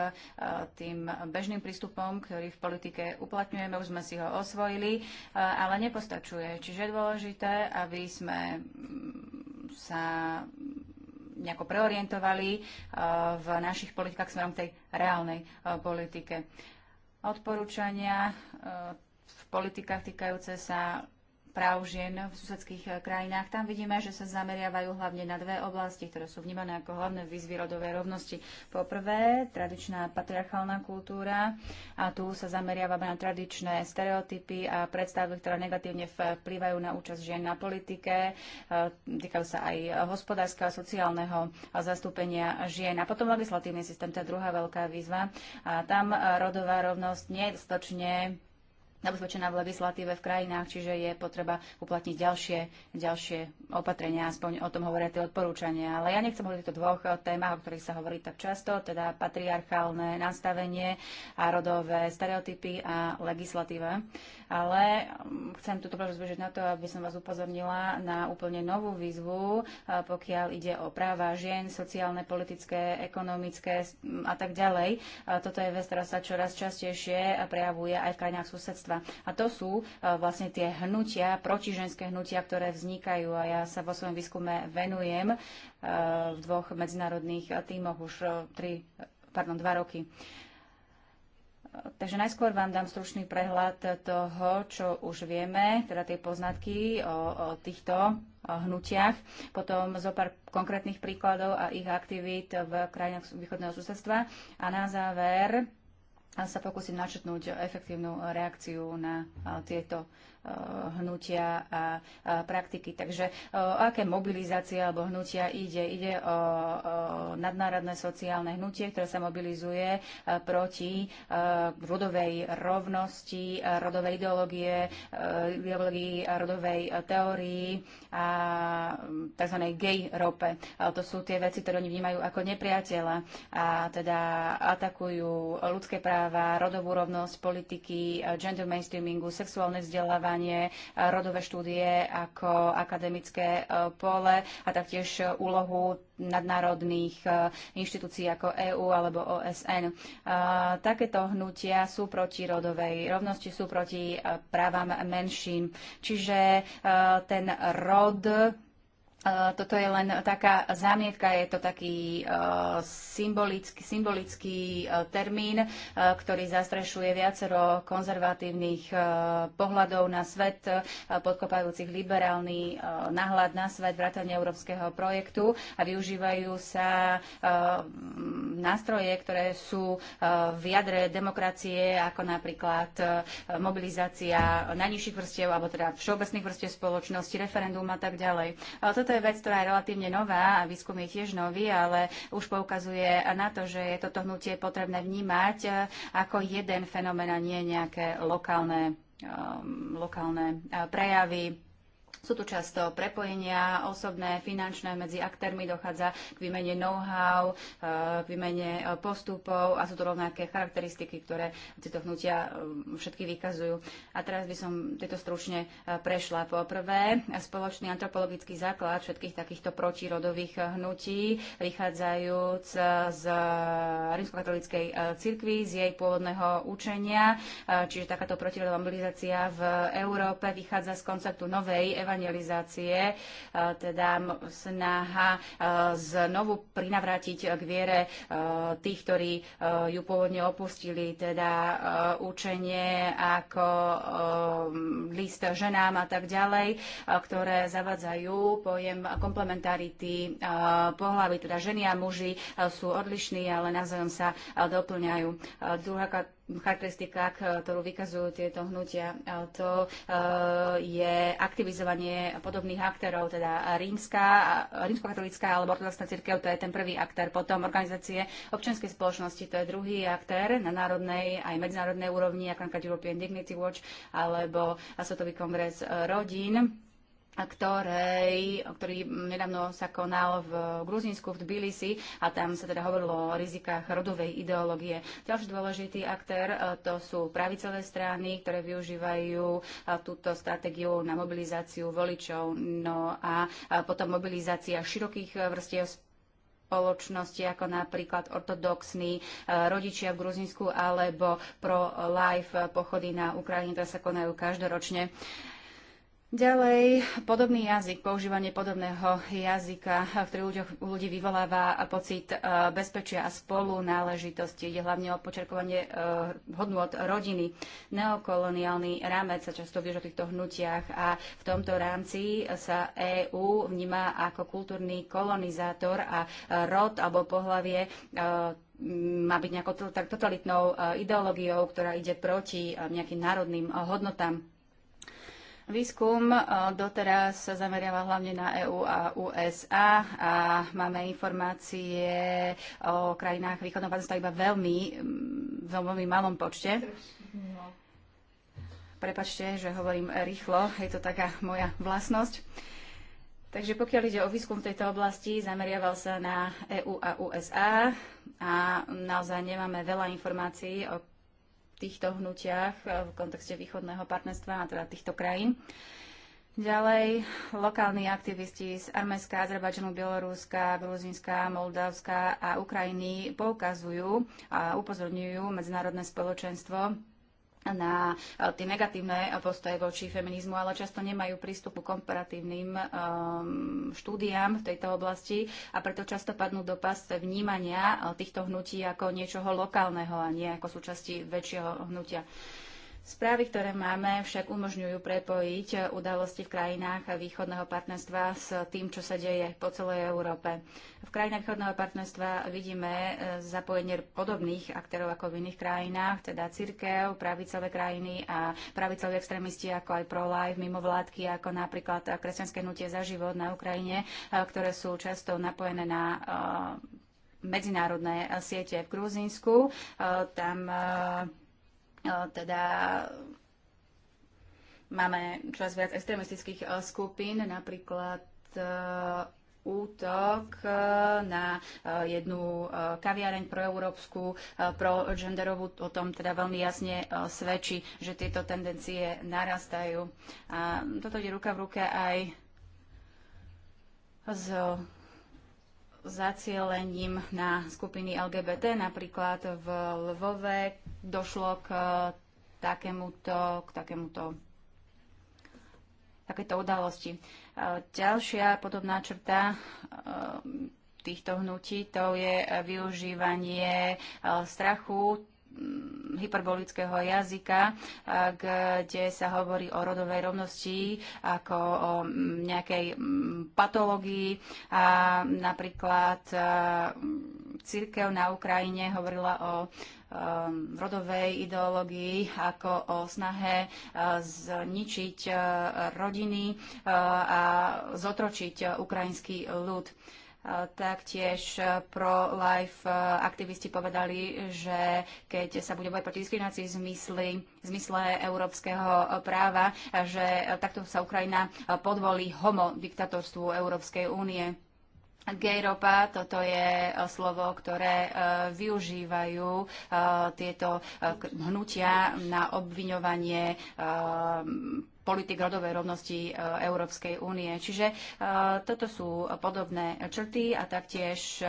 tým bežným prístupom, ktorý v politike uplatňujeme, už sme si ho osvojili, e, ale nepostačuje. Čiže je dôležité, aby sme mm, sa nejako preorientovali v našich politikách smerom k tej reálnej politike. Odporúčania v politikách týkajúce sa práv žien v susedských eh, krajinách. Tam vidíme, že sa zameriavajú hlavne na dve oblasti, ktoré sú vnímané ako hlavné výzvy rodovej rovnosti. Po prvé, tradičná patriarchálna kultúra a tu sa zameriavame na tradičné stereotypy a predstavy, ktoré negatívne vplývajú na účasť žien na politike, eh, týkajú sa aj hospodárskeho a sociálneho eh, zastúpenia žien. A potom legislatívny systém, to je druhá veľká výzva. A tam rodová rovnosť dostatočne zabezpečená v legislatíve v krajinách, čiže je potreba uplatniť ďalšie, ďalšie opatrenia, aspoň o tom hovoria tie odporúčania. Ale ja nechcem hovoriť o dvoch témach, o ktorých sa hovorí tak často, teda patriarchálne nastavenie a rodové stereotypy a legislatíva. Ale mm, chcem túto príležitosť zbežiť na to, aby som vás upozornila na úplne novú výzvu, pokiaľ ide o práva žien, sociálne, politické, ekonomické mm, a tak ďalej. Toto je vec, ktorá sa čoraz častejšie prejavuje aj v krajinách susedstva hospodárstva. A to sú e, vlastne tie hnutia, protiženské hnutia, ktoré vznikajú. A ja sa vo svojom výskume venujem e, v dvoch medzinárodných tímoch už e, tri, pardon, dva roky. Takže najskôr vám dám stručný prehľad toho, čo už vieme, teda tie poznatky o, o týchto hnutiach, potom zo pár konkrétnych príkladov a ich aktivít v krajinách východného susedstva a na záver sa pokúsim načetnúť efektívnu reakciu na tieto Eh, hnutia a praktiky. Takže o eh, aké mobilizácie alebo hnutia ide? Ide o nadnárodné sociálne hnutie, ktoré sa mobilizuje eh, proti rodovej rovnosti, rodovej ideológie, ideológii rodovej teórii a mm, tzv. gay rope. To sú tie veci, ktoré oni vnímajú ako nepriateľa a teda atakujú ľudské práva, rodovú rovnosť, politiky, gender mainstreamingu, sexuálne vzdelávanie, vzdelávanie, e, rodové štúdie ako akademické e, pole a taktiež e, úlohu nadnárodných inštitúcií ako EÚ alebo OSN. Takéto hnutia sú proti rodovej rovnosti, sú proti právam menším. Čiže ten rod E, toto je len taká zámietka, je to taký e, symbolický, symbolický e, termín, ktorý zastrešuje viacero konzervatívnych pohľadov na svet, podkopajúcich liberálny náhľad na svet, vrátane európskeho projektu a využívajú sa nástroje, ktoré sú v jadre demokracie, ako napríklad mobilizácia najnižších vrstiev, alebo teda všeobecných vrstiev spoločnosti, referendum a tak ďalej. toto je vec, ktorá je relatívne nová a výskum je tiež nový, ale už poukazuje na to, že je toto hnutie potrebné vnímať e, ako jeden fenomén a nie nejaké lokálne, um, lokálne e, prejavy sú tu často prepojenia osobné, finančné medzi aktérmi, dochádza k výmene know-how, eh, k výmene eh, postupov a sú to rovnaké charakteristiky, ktoré tieto hnutia eh, všetky vykazujú. A teraz by som tieto stručne prešla. Po prvé, spoločný antropologický základ všetkých takýchto protirodových hnutí, vychádzajúc z rímskokatolíckej cirkvi, z jej pôvodného učenia, čiže takáto protirodová mobilizácia v Európe vychádza z konceptu novej evangelizácie evangelizácie, e, teda snaha e, znovu prinavrátiť k viere e, tých, ktorí ju pôvodne opustili, teda učenie ako list ženám a tak ďalej, ktoré zavadzajú pojem komplementarity pohlavy, teda ženy a muži sú odlišní, ale navzájom sa doplňajú. Druhá charakteristikách, eh, ktorú vykazujú tieto hnutia. To eh, je aktivizovanie podobných aktérov, teda rímska, rímskokatolická alebo ortodoxná církev, to je ten prvý aktér, potom organizácie občianskej spoločnosti, to je druhý aktér na národnej aj medzinárodnej úrovni, ako napríklad European Dignity Watch alebo Svetový kongres eh, rodín ktorej, ktorý nedávno sa konal v Gruzínsku, v Tbilisi a tam sa teda hovorilo o rizikách rodovej ideológie. Ďalší dôležitý aktér e, to sú pravicové strany, ktoré využívajú e, túto stratégiu na mobilizáciu voličov. No a e, potom mobilizácia širokých vrstiev spoločnosti, ako napríklad ortodoxní rodičia v Gruzinsku alebo pro life pochody na Ukrajine, ktoré sa konajú každoročne. Ďalej, podobný jazyk, používanie podobného jazyka, ktorý u ľudí vyvoláva pocit e, bezpečia a spolu náležitosti. Ide hlavne o počerkovanie e, hodnú od rodiny. Neokoloniálny rámec sa často využíva o týchto hnutiach a v tomto rámci sa EÚ vníma ako kultúrny kolonizátor a rod alebo pohlavie e, má byť nejakou totalitnou ideológiou, ktorá ide proti nejakým národným hodnotám. Výskum e, doteraz sa zameriava hlavne na EÚ a USA a máme informácie o krajinách východného partnerstva iba veľmi, mm, veľmi malom počte. Prepačte, že hovorím rýchlo, je to taká moja vlastnosť. Takže pokiaľ ide o výskum v tejto oblasti, zameriaval sa na EÚ a USA a naozaj nemáme veľa informácií o týchto hnutiach e, v kontexte východného partnerstva, a teda týchto krajín. Ďalej, lokálni aktivisti z Arménska, Azerbajdžanu, Bieloruska, Gruzínska, Moldavska a Ukrajiny poukazujú a upozorňujú medzinárodné spoločenstvo na eh, tie negatívne postoje voči feminizmu, ale často nemajú prístup k komparatívnym um, štúdiám v tejto oblasti a preto často padnú do pasce vnímania eh, týchto hnutí ako niečoho lokálneho a nie ako súčasti väčšieho hnutia. Uh, Správy, ktoré máme, však umožňujú prepojiť eh, udalosti v krajinách východného partnerstva s tým, čo sa deje po celej Európe. V krajinách východného partnerstva vidíme eh, zapojenie podobných aktérov ako v iných krajinách, teda církev, pravicové krajiny a pravicoví extrémisti ako aj pro-life, mimovládky ako napríklad eh, kresťanské nutie za život na Ukrajine, ktoré sú často napojené na medzinárodné siete v Gruzínsku. Tam E, teda máme čoraz viac extremistických e, skupín, napríklad e, útok na jednu kaviareň proeurópsku, progenderovú, o tom teda veľmi jasne svedčí, že tieto tendencie narastajú. A toto ide ruka v ruke aj s zacielením na skupiny LGBT, napríklad v Lvove, došlo k e, takémuto, k takémuto takéto udalosti. E, ďalšia podobná črta e, týchto hnutí to je využívanie strachu hyperbolického jazyka, kde sa hovorí o rodovej rovnosti ako o nejakej patológii. A napríklad církev na Ukrajine hovorila o um, rodovej ideológii, ako o snahe uh, zničiť uh, rodiny uh, a zotročiť uh, ukrajinský ľud. Uh, taktiež uh, pro-life aktivisti povedali, že keď sa bude bojať proti diskriminácii v zmysle, v zmysle európskeho práva, že takto sa Ukrajina podvolí homo diktatorstvu Európskej únie. Gay ropa, toto je e, slovo, ktoré e, využívajú e, tieto hnutia na obviňovanie politik rodovej rovnosti Európskej únie. Čiže toto sú podobné črty a taktiež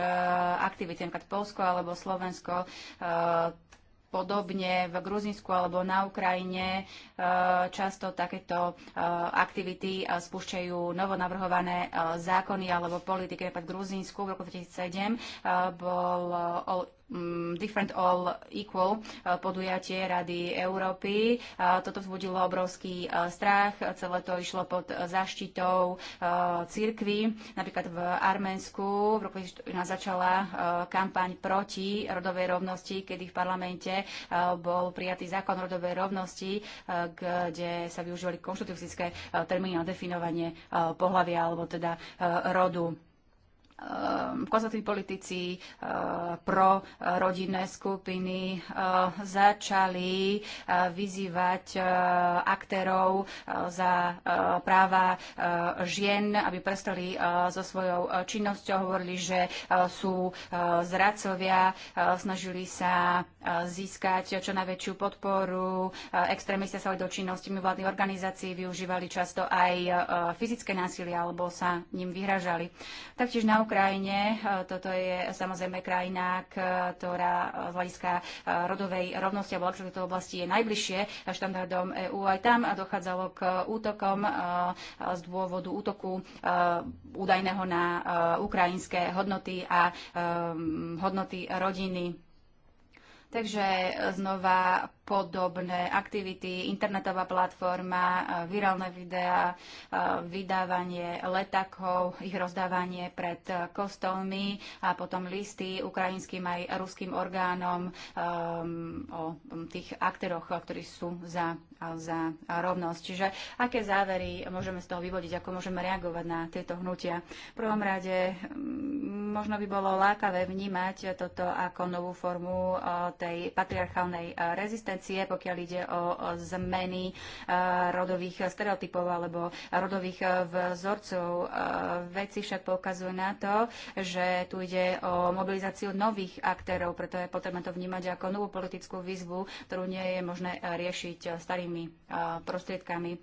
aktivity, napríklad Polsko alebo Slovensko, podobne v Gruzinsku alebo na Ukrajine e, často takéto e, aktivity e, spúšťajú novonavrhované zákony alebo politiky. Napríklad v Gruzinsku v roku 2007 bol Mm, different All Equal eh, podujatie Rady Európy. Eh, toto vzbudilo obrovský eh, strach, celé to išlo pod zaštitou církvy. Napríklad v Arménsku v roku začala kampaň proti rodovej rovnosti, kedy v parlamente bol prijatý zákon rodovej rovnosti, kde sa využívali konštitucické termíny na definovanie pohľavia alebo teda rodu. Ehm, konzervatívni politici ehm, pro rodinné skupiny ehm, začali vyzývať aktérov za práva žien, aby prestali so svojou činnosťou, hovorili, že sú zradcovia, snažili sa získať čo najväčšiu podporu, extrémisti sa do činnosti mimovládnych organizácií, využívali často aj fyzické násilie alebo sa ním vyhražali. Taktiež na krajine. E, toto je samozrejme krajina, ktorá e, z hľadiska e, rodovej rovnosti alebo v tejto oblasti je najbližšie štandardom EÚ. Aj tam dochádzalo k útokom z dôvodu útoku údajného na ukrajinské hodnoty a hodnoty rodiny. Takže znova podobné aktivity, internetová platforma, e, virálne videá, e, vydávanie letakov, ich rozdávanie pred e, kostolmi a potom listy ukrajinským aj ruským orgánom o tých aktéroch, ktorí sú za, za rovnosť. Čiže aké závery môžeme z toho vyvodiť, ako môžeme reagovať na tieto hnutia. V prvom rade možno by bolo lákavé vnímať toto ako novú formu tej patriarchálnej rezistencie, tendencie, pokiaľ ide o zmeny e, rodových stereotypov alebo rodových e, vzorcov. E, veci však poukazujú na to, že tu ide o mobilizáciu nových aktérov, preto je potrebné to vnímať ako novú politickú výzvu, ktorú nie je možné riešiť starými prostriedkami.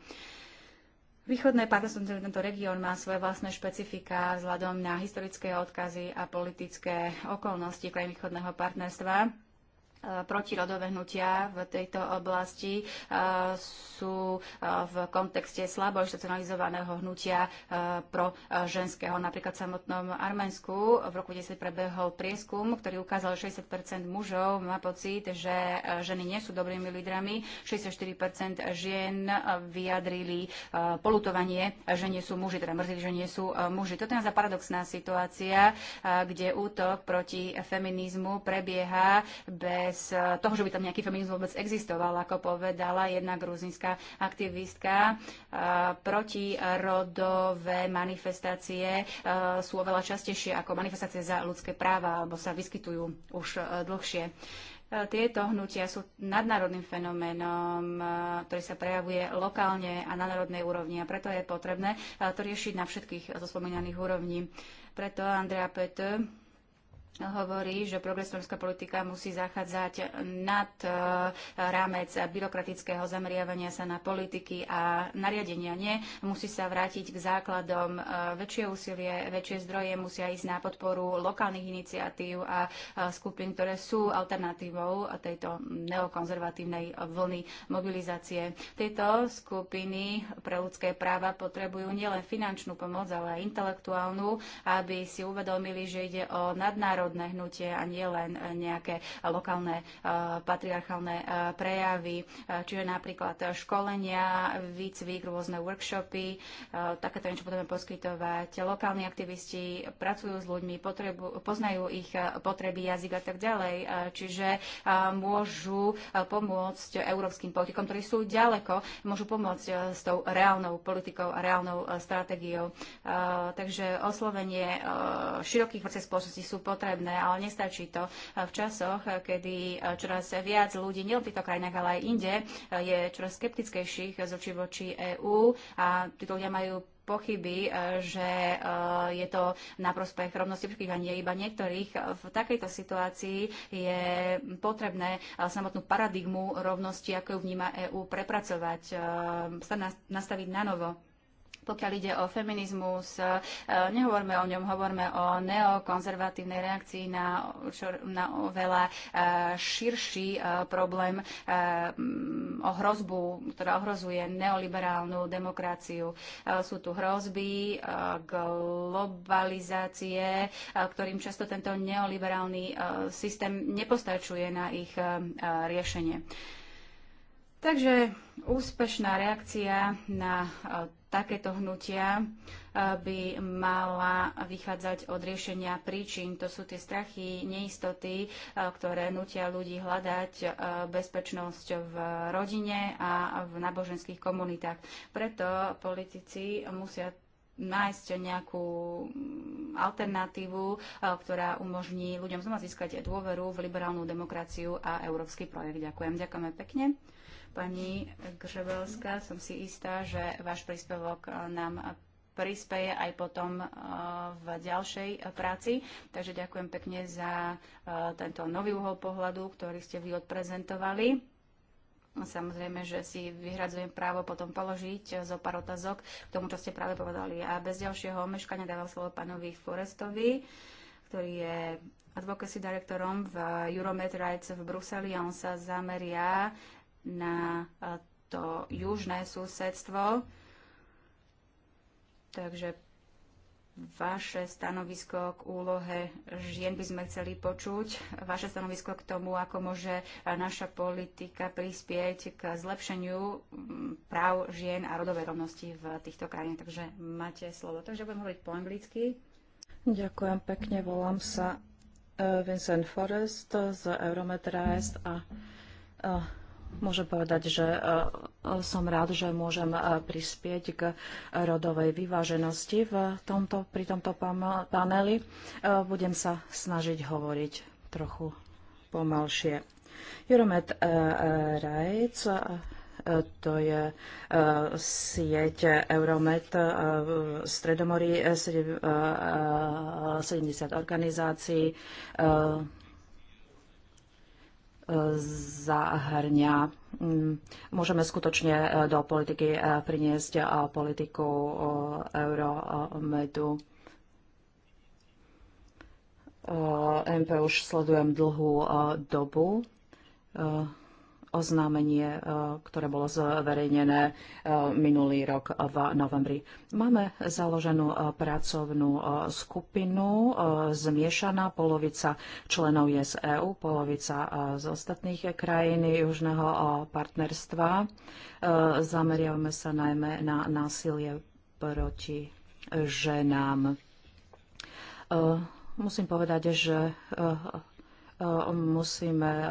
Východné partnerstvo, tento región má svoje vlastné špecifika vzhľadom na historické odkazy a politické okolnosti krajín východného partnerstva protirodové hnutia v tejto oblasti e, sú e, v kontexte slabo institucionalizovaného hnutia e, pro ženského. Napríklad v samotnom Arménsku v roku 10 prebehol prieskum, ktorý ukázal, že 60 mužov má pocit, že ženy nie sú dobrými lídrami, 64 žien vyjadrili polutovanie, že nie sú muži, teda mrzili, že nie sú muži. Toto je za paradoxná situácia, kde útok proti feminizmu prebieha bez bez eh, toho, že by tam nejaký feminizmus vôbec existoval, ako povedala jedna gruzinská aktivistka. Eh, Protirodové manifestácie eh, sú oveľa častejšie ako manifestácie za ľudské práva, alebo sa vyskytujú už dlhšie tieto hnutia sú nadnárodným fenoménom, ktorý sa prejavuje lokálne a na národnej úrovni a preto je potrebné to riešiť na všetkých zo spomínaných úrovní. Preto Andrea Pete hovorí, že progresívna politika musí zachádzať nad e, rámec byrokratického zameriavania sa na politiky a nariadenia. Nie, musí sa vrátiť k základom e, väčšie úsilie, väčšie zdroje musia ísť na podporu lokálnych iniciatív a e, skupín, ktoré sú alternatívou tejto neokonzervatívnej vlny mobilizácie. Tieto skupiny pre ľudské práva potrebujú nielen finančnú pomoc, ale aj intelektuálnu, aby si uvedomili, že ide o nadnárodnú národné hnutie a nie len eh, nejaké eh, lokálne eh, patriarchálne prejavy, čiže napríklad školenia, výcvik, rôzne workshopy, takéto niečo budeme poskytovať. Lokálni aktivisti pracujú s ľuďmi, potrebu, poznajú ich potreby, jazyk a tak ďalej, čiže môžu pomôcť európskym politikom, ktorí sú ďaleko, môžu pomôcť s tou reálnou politikou a reálnou stratégiou. Takže oslovenie širokých vrstiev spoločnosti sú potrebné potrebné, ale nestačí to v časoch, kedy eh, čoraz viac ľudí, nielen v týchto krajinách, ale aj inde, eh, je čoraz skeptickejších z očí voči EÚ a títo ľudia majú pochyby, eh, že je to na prospech rovnosti všetkých a nie iba niektorých. V takejto situácii je potrebné samotnú paradigmu rovnosti, ako ju vníma EÚ, prepracovať, nastaviť na novo. Pokiaľ ide o feminizmus, e, nehovorme o ňom, hovorme o neokonzervatívnej reakcii na, na oveľa e, širší e, problém, o hrozbu, ktorá ohrozuje neoliberálnu demokraciu. Sú tu hrozby globalizácie, ktorým často tento neoliberálny systém nepostačuje na ich riešenie. Takže úspešná reakcia na takéto hnutia eh, by mala vychádzať od riešenia príčin. To sú tie strachy, neistoty, eh, ktoré nutia ľudí hľadať eh, bezpečnosť v rodine a v náboženských komunitách. Preto politici musia nájsť nejakú mm, alternatívu, ktorá umožní ľuďom znova získať dôveru v liberálnu demokraciu a európsky projekt. Ďakujem. Ďakujeme pekne. Pani Grzebelská, som si istá, že váš príspevok eh, nám prispeje aj potom eh, v ďalšej eh, práci. Takže ďakujem pekne za tento nový uhol pohľadu, ktorý ste vy odprezentovali. Samozrejme, že si vyhradzujem právo potom položiť zo pár otázok k tomu, čo ste práve povedali. A bez ďalšieho omeškania dávam slovo pánovi Forestovi, ktorý je advocacy direktorom v Euromed Rights v Bruseli a on sa zameria na to južné susedstvo. Takže vaše stanovisko k úlohe žien by sme chceli počuť, vaše stanovisko k tomu, ako môže naša politika prispieť k zlepšeniu práv žien a rodovej rovnosti v týchto krajinách. Takže máte slovo. Takže budem hovoriť po anglicky. Ďakujem pekne, volám sa e, Vincent Forrest z Euromed a, a e, Môžem povedať, že e, som rád, že môžem e, prispieť k rodovej vyváženosti v tomto, pri tomto paneli. E, budem sa snažiť hovoriť trochu pomalšie. Euromed Rajc, to je sieť Euromed v Stredomorí, 70 organizácií, zahrňa. Mm, môžeme skutočne e, do politiky e, priniesť e, politiku euromedu. MP už sledujem dlhú dobu oznámenie, e, ktoré bolo zverejnené e, minulý rok v novembri. Máme založenú e, pracovnú skupinu, zmiešaná polovica členov je z EÚ, polovica z ostatných krajín južného partnerstva. Zameriavame sa najmä na násilie proti ženám. Musím povedať, že musíme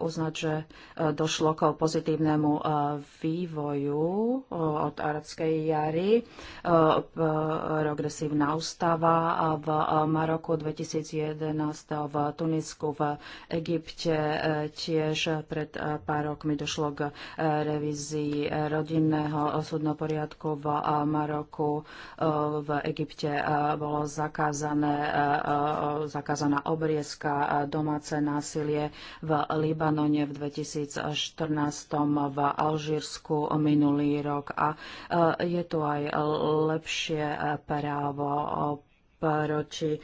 uznať, že e, došlo k pozitívnemu e, vývoju e, od arabskej jary. Progresívna ústava v Maroku 2011, v Tunisku, v Egypte tiež pred pár rokmi došlo k revízii rodinného súdneho poriadku v Maroku. V Egypte bolo zakázané, zakázaná obriezka domov domáce násilie v Libanone v 2014, v Alžírsku minulý rok a e, je tu aj lepšie právo proti e,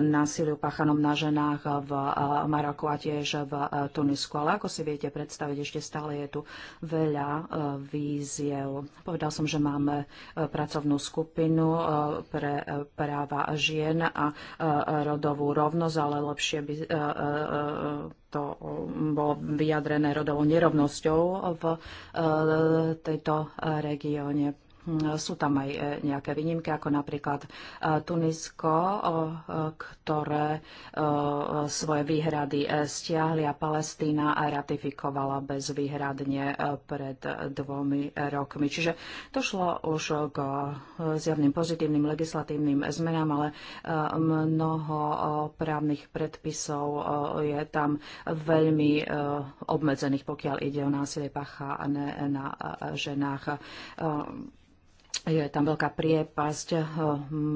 násiliu páchanom na ženách v e, Maroku a tiež v e, Tunisku. Ale ako si viete predstaviť, ešte stále je tu veľa víziev. Povedal som, že máme pracovnú skupinu pre práva žien a rodovú rovnosť, ale lepšie by to bolo vyjadrené rodovou nerovnosťou v tejto regióne. Hm, sú tam aj e, nejaké výnimky, ako napríklad e, Tunisko, e, ktoré svoje výhrady stiahli a Palestína ratifikovala bezvýhradne pred dvomi rokmi. Čiže to šlo už k zjavným pozitívnym legislatívnym zmenám, ale mnoho právnych predpisov je tam veľmi obmedzených, pokiaľ ide o násilie ne na ženách je tam veľká priepasť eh,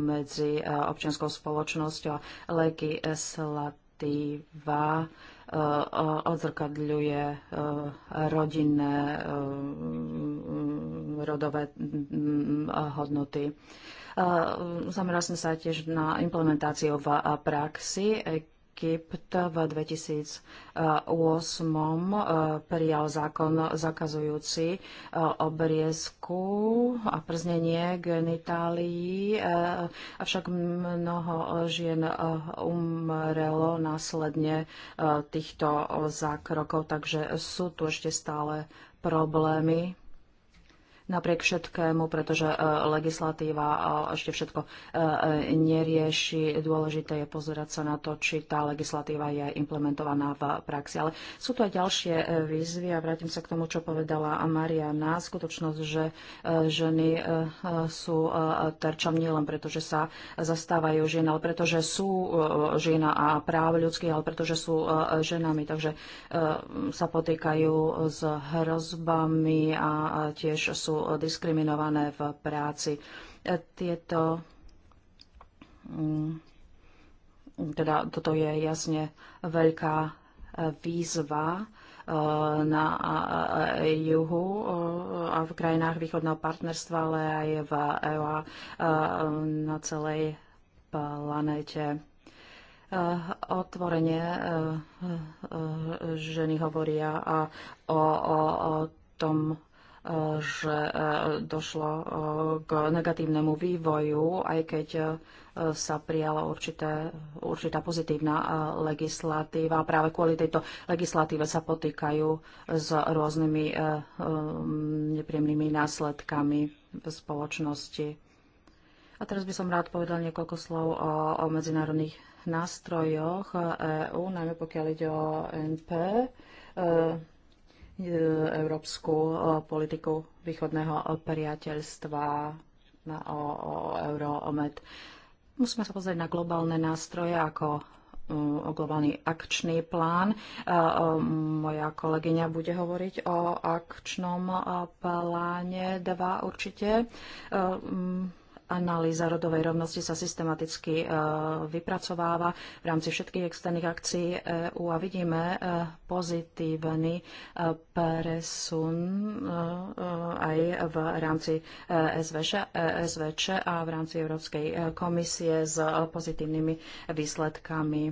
medzi eh, občianskou spoločnosťou a legislatíva eh, odzrkadľuje rodinné rodové mm, mm, hodnoty. Zamerali sme sa tiež na implementáciu v praxi Egypt v 2008 e, prijal zákon zakazujúci e, obriezku a prznenie genitálií, e, avšak mnoho žien umrelo následne týchto zákrokov, takže sú tu ešte stále problémy napriek všetkému, pretože e, legislatíva e, ešte všetko e, nerieši. Dôležité je pozerať sa na to, či tá legislatíva je implementovaná v praxi. Ale sú tu aj ďalšie výzvy a vrátim sa k tomu, čo povedala Mariana. Skutočnosť, že ženy sú terčom nielen preto, že sa zastávajú žien, ale pretože sú žena a práv ľudských, ale pretože sú ženami, takže sa potýkajú s hrozbami a tiež sú E, diskriminované v práci. E, tieto mm, teda toto je jasne veľká e, výzva na juhu a v krajinách východného partnerstva, ale aj v EU a na celej planéte. Otvorenie ženy hovoria o, o, o tom, že eh, došlo eh, k negatívnemu vývoju, aj keď eh, sa prijala určité, určitá pozitívna legislatíva. Práve kvôli tejto legislatíve sa potýkajú s rôznymi nepriemnými následkami v spoločnosti. A teraz by som rád povedal niekoľko slov o, o medzinárodných nástrojoch EÚ, e najmä pokiaľ ide o NP. E E, európsku e, politiku východného priateľstva na, o, o Euromed. Musíme sa pozrieť na globálne nástroje ako e, o globálny akčný plán. Moja kolegyňa bude hovoriť o akčnom pláne 2 určite Analýza rodovej rovnosti sa systematicky e, vypracováva v rámci všetkých externých akcií EU a vidíme e, pozitívny e, presun aj v rámci SVČ, a v rámci Európskej komisie s pozitívnymi výsledkami.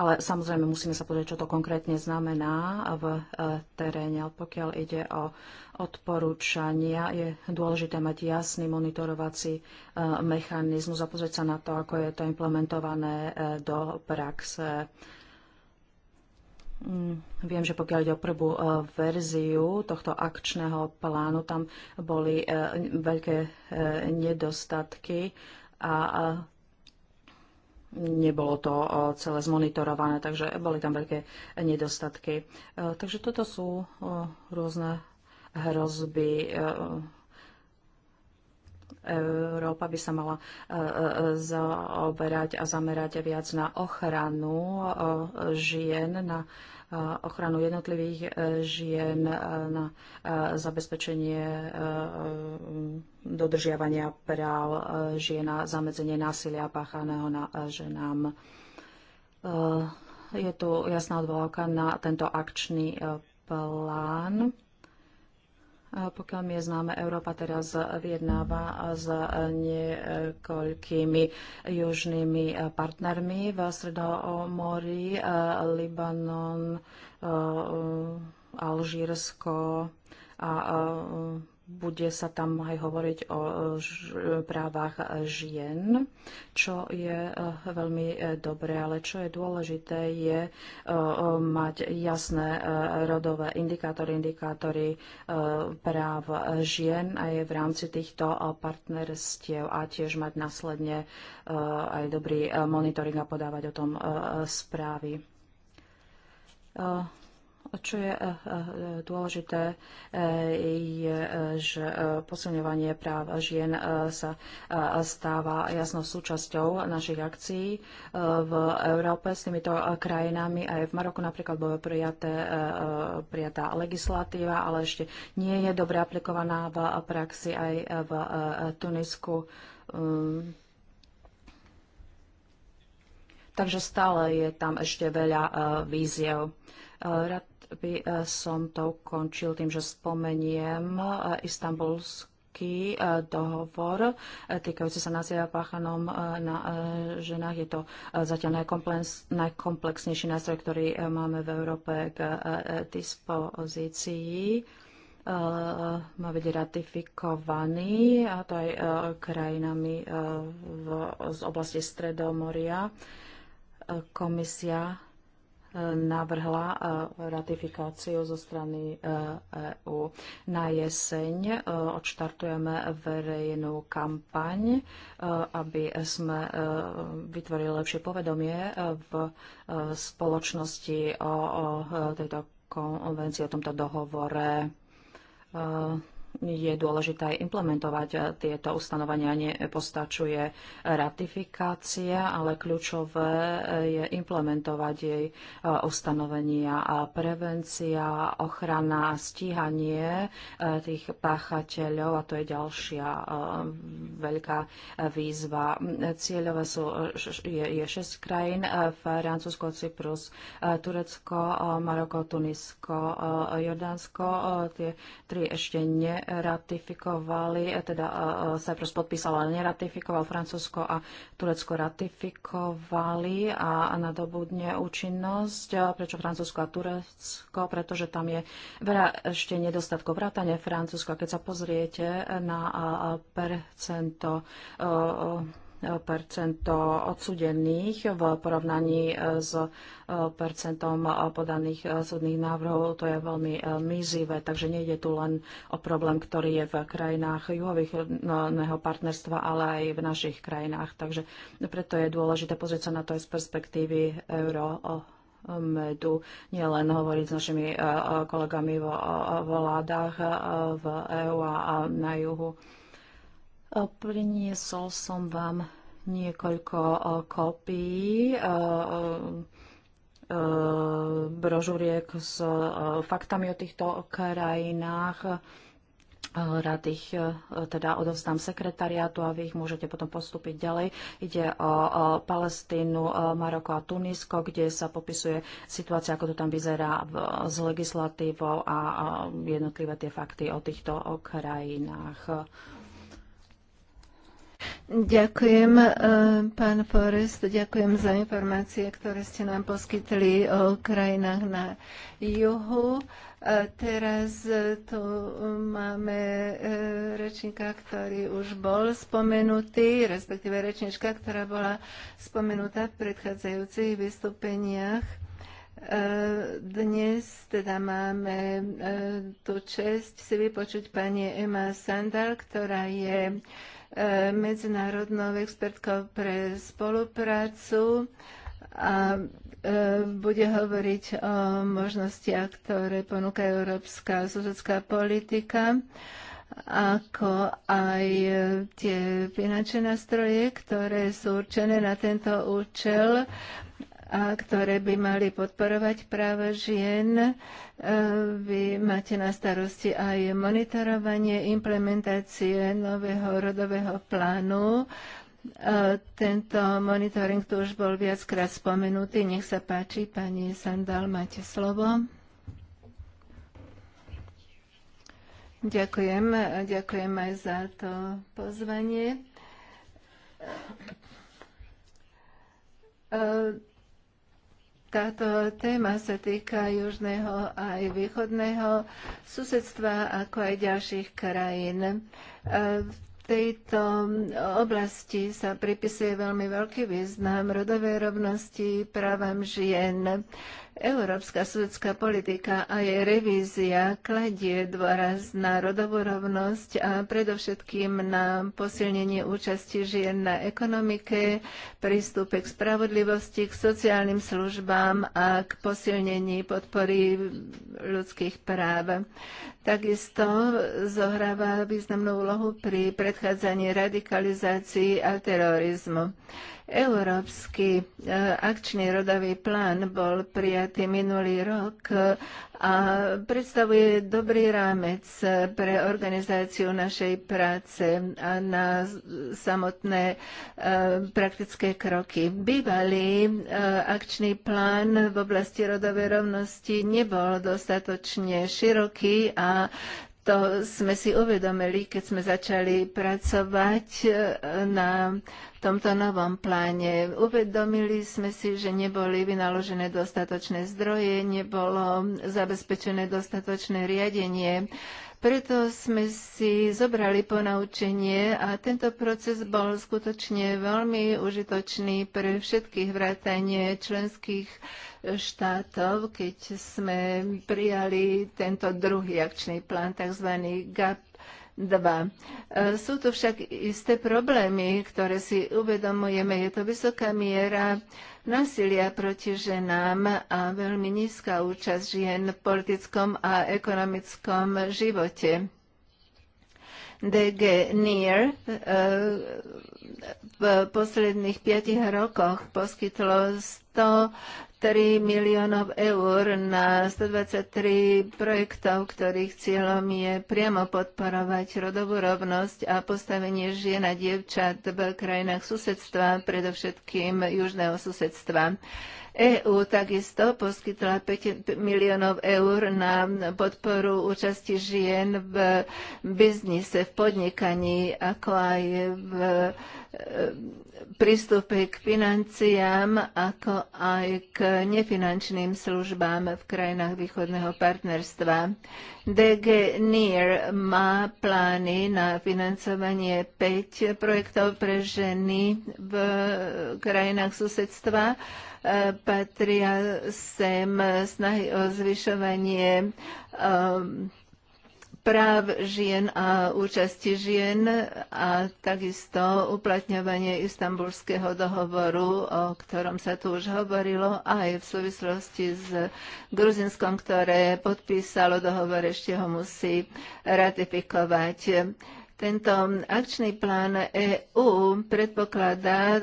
Ale samozrejme musíme sa pozrieť, čo to konkrétne znamená v teréne. Pokiaľ ide o odporúčania je dôležité mať jasný monitorovací e, mechanizmus a pozrieť sa na to, ako je to implementované e, do praxe. Mm, viem, že pokiaľ ide o prvú e, verziu tohto akčného plánu, tam boli veľké nedostatky a nebolo to celé zmonitorované, takže boli tam veľké nedostatky. Takže toto sú rôzne hrozby e, e, Európa by sa mala e, zaoberať a zamerať viac na ochranu žien, na ochranu jednotlivých žien, na zabezpečenie dodržiavania práv žien a zamedzenie násilia páchaného na ženám. Je tu jasná odvolávka na tento akčný plán. Pokiaľ mi je známe, Európa teraz vyjednáva s niekoľkými južnými partnermi v Stredomorí, Libanon, Alžírsko a bude sa tam aj hovoriť o e, e, právach žien, čo je e, veľmi dobré, ale čo je dôležité, je mať jasné rodové indikátory, indikátory práv žien aj v rámci týchto partnerstiev a tiež mať následne aj dobrý monitoring a podávať o tom správy čo je eh, eh, dôležité, eh, je, že posilňovanie práv žien sa stáva jasnou súčasťou našich akcií v Európe s týmito krajinami. Aj v Maroku napríklad bola prijatá legislatíva, ale ešte nie je dobre aplikovaná v praxi aj v Tunisku. Ehm, takže stále je tam ešte veľa víziev. Rád by e, som to ukončil tým, že spomeniem e, istambulský e, dohovor týkajúci sa násilia páchanom na ženách. Je to zatiaľ najkomplexnejší nástroj, ktorý máme v Európe k dispozícii má byť ratifikovaný, a to aj krajinami v, z oblasti Stredomoria. Komisia navrhla e, ratifikáciu zo strany EÚ. E Na jeseň e, odštartujeme verejnú kampaň, aby sme vytvorili lepšie povedomie v spoločnosti o tejto konvencii, o tomto dohovore je dôležité aj implementovať eh, tieto ustanovenia. Nepostačuje ratifikácia, ale kľúčové eh, je implementovať jej eh, ustanovenia a prevencia, ochrana, stíhanie tých páchateľov a to je ďalšia veľká výzva. Cieľové sú, je, je 6 krajín, Francúzsko, Cyprus, Turecko, Maroko, Tunisko, Jordánsko. Tie tri ešte ne neratifikovali, e, teda e, e, Cyprus podpísal, ale neratifikoval, Francúzsko a Turecko ratifikovali a nadobudne účinnosť. Prečo Francúzsko a Turecko? Pretože tam je veľa ešte nedostatkov vrátane A Keď sa pozriete na percento odsudených v porovnaní s eh, percentom eh, podaných eh, súdnych návrhov. To je veľmi mizivé, takže nejde tu len o problém, ktorý je v krajinách juhovýchodného partnerstva, ale aj v našich krajinách. Takže preto je dôležité pozrieť sa na to aj z perspektívy euro medu, nielen hovoriť s našimi kolegami vo vládach v EÚ a na juhu. Eh, priniesol som vám niekoľko eh, kópií eh, brožuriek s faktami o týchto krajinách. Rád ich teda odovzdám sekretariátu a vy ich môžete potom postúpiť ďalej. Ide o Palestínu, Maroko a Tunisko, kde sa popisuje situácia, ako to tam vyzerá s legislatívou a jednotlivé tie fakty o týchto krajinách. Ďakujem, e, pán Forest, ďakujem za informácie, ktoré ste nám poskytli o krajinách na juhu. A teraz tu máme e, rečníka, ktorý už bol spomenutý, respektíve rečnička, ktorá bola spomenutá v predchádzajúcich vystúpeniach. E, dnes teda máme tú čest si vypočuť pani Emma Sandal, ktorá je E, medzinárodnou expertkou pre spoluprácu a e, bude hovoriť o možnostiach, ktoré ponúka európska susedská politika ako aj e, tie finančné nástroje, ktoré sú určené na tento účel a ktoré by mali podporovať práva žien. E, vy máte na starosti aj monitorovanie implementácie nového rodového plánu. E, tento monitoring tu už bol viackrát spomenutý. Nech sa páči, pani Sandal, máte slovo. Ďakujem. Ďakujem aj za to pozvanie. E, táto téma sa týka južného a aj východného susedstva, ako aj ďalších krajín. E, v tejto oblasti sa pripisuje veľmi veľký význam rodovej rovnosti, právam žien. Európska súdská politika a jej revízia kladie dôraz na rodovú rovnosť a predovšetkým na posilnenie účasti žien na ekonomike, prístupe k spravodlivosti, k sociálnym službám a k posilnení podpory ľudských práv. Takisto zohráva významnú úlohu pri predchádzaní radikalizácii a terorizmu. Európsky e, akčný rodový plán bol prijatý minulý rok a predstavuje dobrý rámec pre organizáciu našej práce a na samotné e, praktické kroky. Bývalý e, akčný plán v oblasti rodovej rovnosti nebol dostatočne široký a to sme si uvedomili, keď sme začali pracovať e, na tomto novom pláne. Uvedomili sme si, že neboli vynaložené dostatočné zdroje, nebolo zabezpečené dostatočné riadenie preto sme si zobrali ponaučenie a tento proces bol skutočne veľmi užitočný pre všetkých vrátanie členských štátov, keď sme prijali tento druhý akčný plán, tzv. GAP 2. E, sú tu však isté problémy, ktoré si uvedomujeme. Je to vysoká miera násilia proti ženám a veľmi nízka účasť žien v politickom a ekonomickom živote. DG NIR eh, v posledných piatich rokoch poskytlo 100 3 miliónov eur na 123 projektov, ktorých cieľom je priamo podporovať rodovú rovnosť a postavenie žien a dievčat v krajinách susedstva, predovšetkým južného susedstva. EÚ takisto poskytla 5 miliónov eur na podporu účasti žien v biznise, v podnikaní, ako aj v e, prístupe k financiám, ako aj k nefinančným službám v krajinách východného partnerstva. DG NIR má plány na financovanie 5 projektov pre ženy v krajinách susedstva patria sem snahy o zvyšovanie um, práv žien a účasti žien a takisto uplatňovanie istambulského dohovoru, o ktorom sa tu už hovorilo, aj v súvislosti s Gruzinskom, ktoré podpísalo dohovor, ešte ho musí ratifikovať. Tento akčný plán EÚ predpokladá e,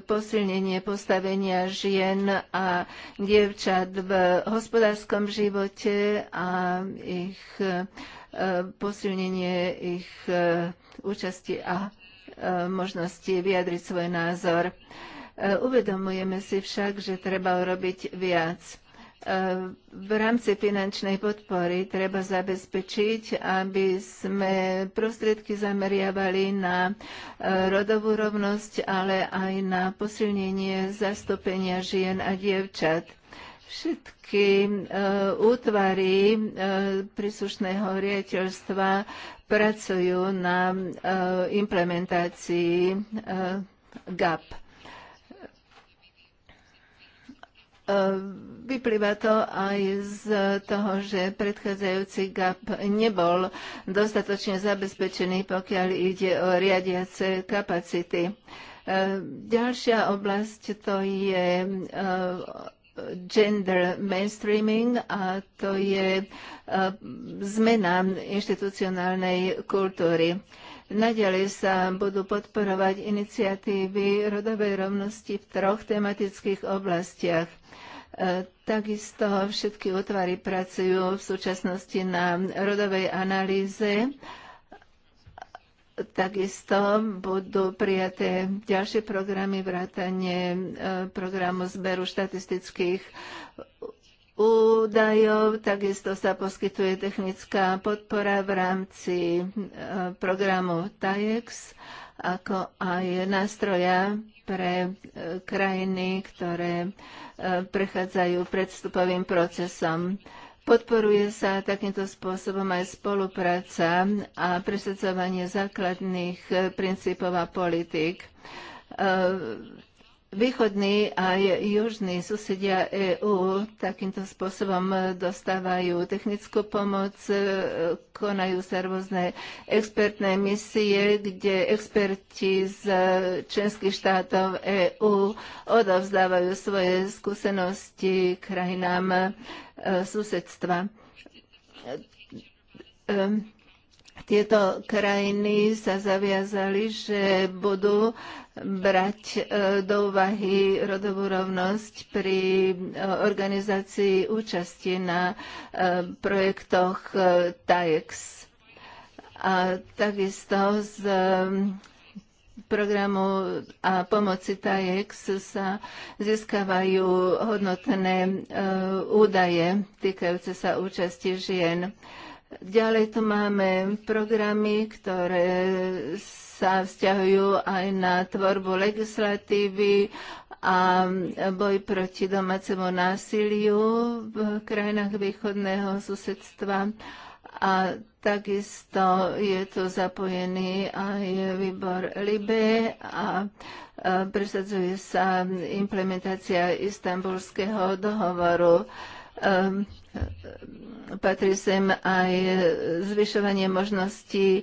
posilnenie postavenia žien a dievčat v hospodárskom živote a ich e, posilnenie ich e, účasti a možnosti vyjadriť svoj názor. Uvedomujeme si však, že treba urobiť viac. V rámci finančnej podpory treba zabezpečiť, aby sme prostriedky zameriavali na e, rodovú rovnosť, ale aj na posilnenie zastúpenia žien a dievčat všetky e, útvary e, príslušného riaditeľstva pracujú na implementácii GAP. Ehm, vyplýva to aj z toho, že predchádzajúci GAP nebol dostatočne zabezpečený, pokiaľ ide o riadiace kapacity. Ehm, ďalšia oblasť to je ehm, gender mainstreaming a to je zmena inštitucionálnej kultúry. Naďalej sa budú podporovať iniciatívy rodovej rovnosti v troch tematických oblastiach – E, takisto všetky útvary pracujú v súčasnosti na rodovej analýze. Takisto budú prijaté ďalšie programy, vrátanie e, programu zberu štatistických údajov. Takisto sa poskytuje technická podpora v rámci e, programu TAEX, ako aj nástroja pre e, krajiny, ktoré e, prechádzajú predstupovým procesom. Podporuje sa takýmto spôsobom aj spolupráca a presadzovanie základných e, princípov a politik. Východní a južní susedia EÚ takýmto spôsobom dostávajú technickú pomoc, e, konajú sa rôzne expertné misie, kde experti z členských štátov EÚ odovzdávajú svoje skúsenosti krajinám e, susedstva. E, tieto krajiny sa zaviazali, že budú brať e, do úvahy rodovú rovnosť pri e, organizácii účasti na e, projektoch TAEX. A takisto z programu a pomoci TAEX sa získavajú hodnotné údaje týkajúce sa účasti žien. Ďalej tu máme programy, ktoré sa vzťahujú aj na tvorbu legislatívy a boj proti domácemu násiliu v krajinách východného susedstva. A takisto je tu zapojený aj výbor LIBE a presadzuje sa implementácia istambulského dohovoru. Ehm, patrí sem aj zvyšovanie možností e,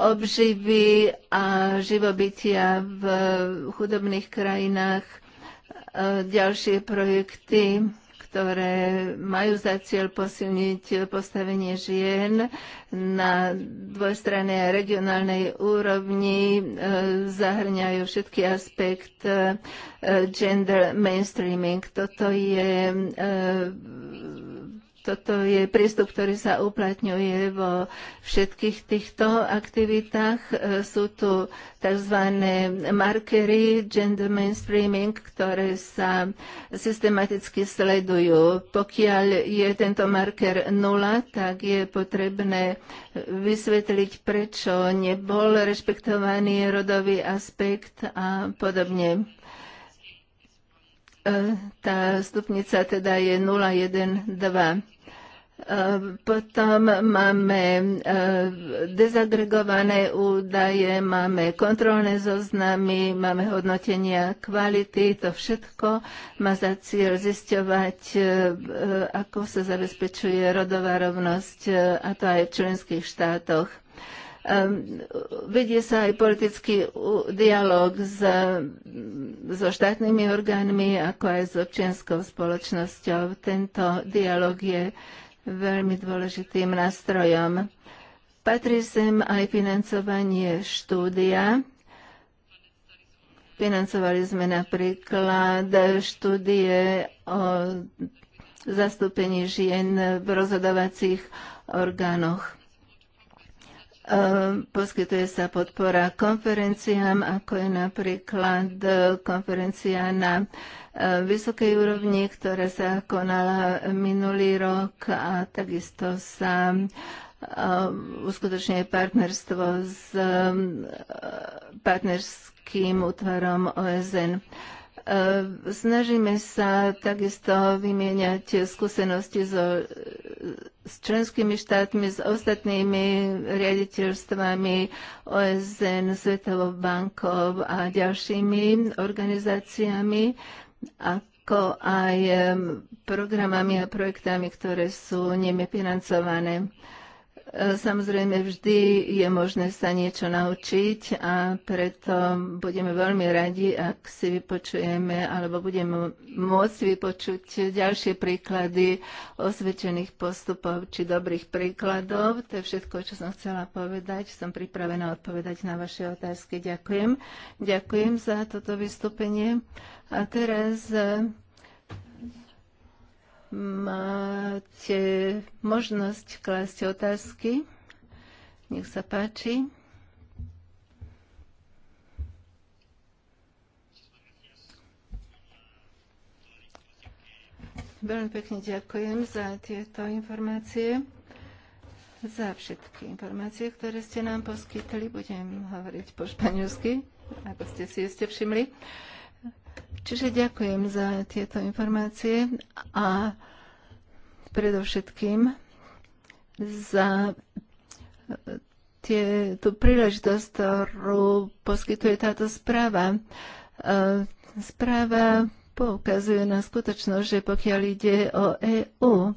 obživy a živobytia v chudobných krajinách, e, ďalšie projekty ktoré majú za cieľ posilniť postavenie žien na dvojstrannej a regionálnej úrovni, e, zahrňajú všetky aspekt e, gender mainstreaming. Toto je e, toto je prístup, ktorý sa uplatňuje vo všetkých týchto aktivitách. E, sú tu tzv. markery gender mainstreaming, ktoré sa systematicky sledujú. Pokiaľ je tento marker nula, tak je potrebné vysvetliť, prečo nebol rešpektovaný rodový aspekt a podobne e, tá stupnica teda je 0, 1, 2. Ehm, potom máme ehm, dezagregované údaje, máme kontrolné zoznamy, máme hodnotenia kvality. To všetko má za cieľ zisťovať, ehm, ako sa zabezpečuje rodová rovnosť, a to aj v členských štátoch. Vedie sa aj politický dialog s, so štátnymi orgánmi, ako aj s občianskou spoločnosťou. Tento dialog je veľmi dôležitým nástrojom. Patrí sem aj financovanie štúdia. Financovali sme napríklad štúdie o zastúpení žien v rozhodovacích orgánoch. Ehm, poskytuje sa podpora konferenciám, ako je napríklad e, konferencia na e, vysokej úrovni, ktorá sa konala minulý rok a takisto sa e, uskutočňuje partnerstvo s partnerským útvarom OSN. E, snažíme sa takisto vymieňať skúsenosti so, s členskými štátmi, s ostatnými riaditeľstvami OSN, Svetovou bankou a ďalšími organizáciami, ako aj e, programami a projektami, ktoré sú nimi financované. E, samozrejme, vždy je možné sa niečo naučiť a preto budeme veľmi radi, ak si vypočujeme alebo budeme môcť vypočuť ďalšie príklady osvedčených postupov či dobrých príkladov. To je všetko, čo som chcela povedať. Som pripravená odpovedať na vaše otázky. Ďakujem. Ďakujem za toto vystúpenie. A teraz e, Máte možnosť klásť otázky. Nech sa páči. Veľmi pekne ďakujem za tieto informácie, za všetky informácie, ktoré ste nám poskytli. Budem hovoriť po španielsky, ako ste si ešte všimli. Uh, Čiže ďakujem za tieto informácie a predovšetkým za e, tie, tú príležitosť, ktorú poskytuje táto správa. E, správa poukazuje na skutočnosť, že pokiaľ ide o EÚ, e,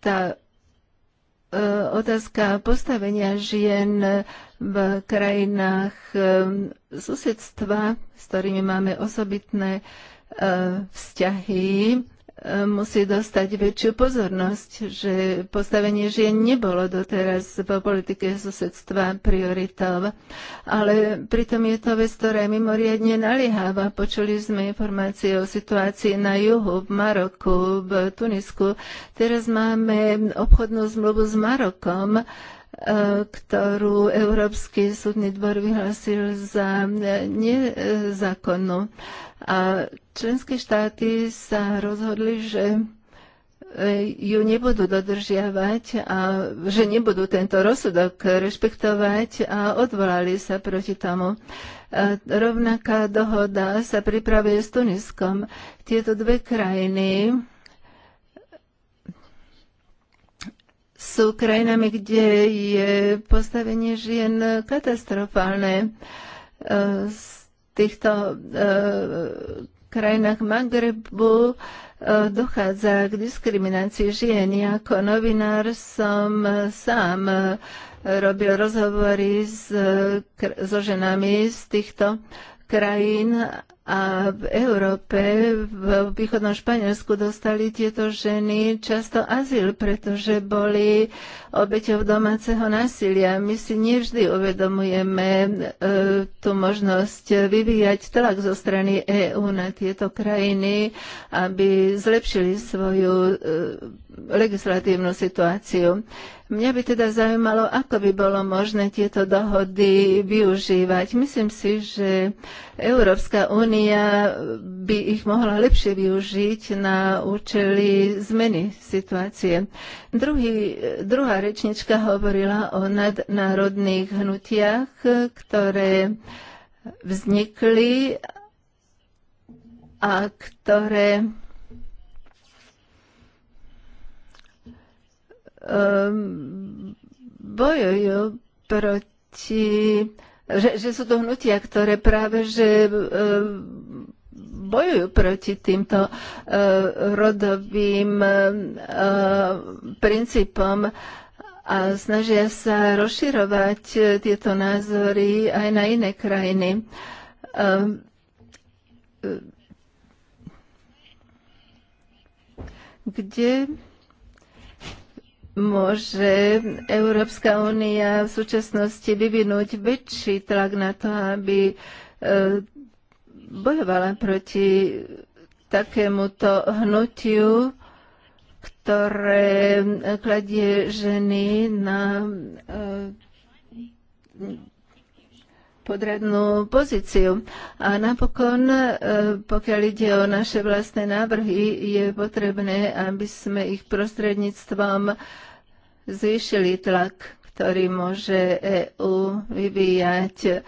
tá otázka postavenia žien v krajinách susedstva, s ktorými máme osobitné e, vzťahy, e, musí dostať väčšiu pozornosť, že postavenie žien nebolo doteraz po politike susedstva prioritou. Ale pritom je to vec, ktorá je mimoriadne nalieháva. Počuli sme informácie o situácii na juhu, v Maroku, v Tunisku. Teraz máme obchodnú zmluvu s Marokom, ktorú Európsky súdny dvor vyhlásil za nezákonnú. A členské štáty sa rozhodli, že e, ju nebudú dodržiavať a že nebudú tento rozsudok rešpektovať a odvolali sa proti tomu. A rovnaká dohoda sa pripravuje s Tuniskom. Tieto dve krajiny sú krajinami, kde je postavenie žien katastrofálne. V e, týchto e, krajinách Magrebu e, dochádza k diskriminácii žien. ako novinár som sám robil rozhovory s, so ženami z týchto krajín a v Európe, v východnom Španielsku dostali tieto ženy často azyl, pretože boli obeťou domáceho násilia. My si nevždy uvedomujeme e, tú možnosť vyvíjať tlak zo strany EÚ na tieto krajiny, aby zlepšili svoju e, legislatívnu situáciu. E, Mňa by teda zaujímalo, ako by bolo možné tieto dohody využívať. Myslím si, že Európska únia by ich mohla lepšie využiť na účely zmeny situácie. Druhý, druhá rečnička hovorila o nadnárodných hnutiach, ktoré vznikli a ktoré Ehm, bojujú proti, že, že sú to hnutia, ktoré práve že ehm, bojujú proti týmto ehm, rodovým princípom a snažia sa rozširovať e, tieto názory aj na iné krajiny. E, kde môže Európska únia v súčasnosti vyvinúť väčší tlak na to, aby e, bojovala proti takémuto hnutiu, ktoré e, kladie ženy na e, podradnú pozíciu. A napokon, e, pokiaľ ide o naše vlastné návrhy, je potrebné, aby sme ich prostredníctvom zvýšili tlak, ktorý môže EU vyvíjať.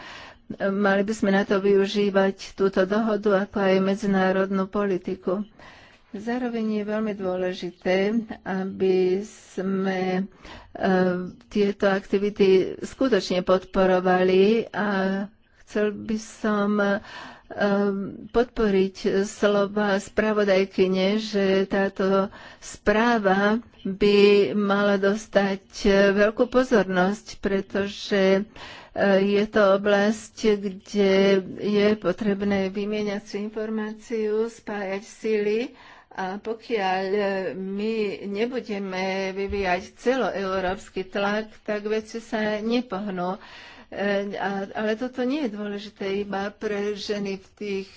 Mali by sme na to využívať túto dohodu, ako aj medzinárodnú politiku. Zároveň je veľmi dôležité, aby sme E, tieto aktivity skutočne podporovali a chcel by som e, podporiť slova spravodajkyne, že táto správa by mala dostať e, veľkú pozornosť, pretože je to oblasť, kde je potrebné vymieňať si informáciu, spájať síly. A pokiaľ e, my nebudeme vyvíjať celoeurópsky tlak, tak veci sa nepohnú. E, ale toto nie je dôležité iba pre ženy v tých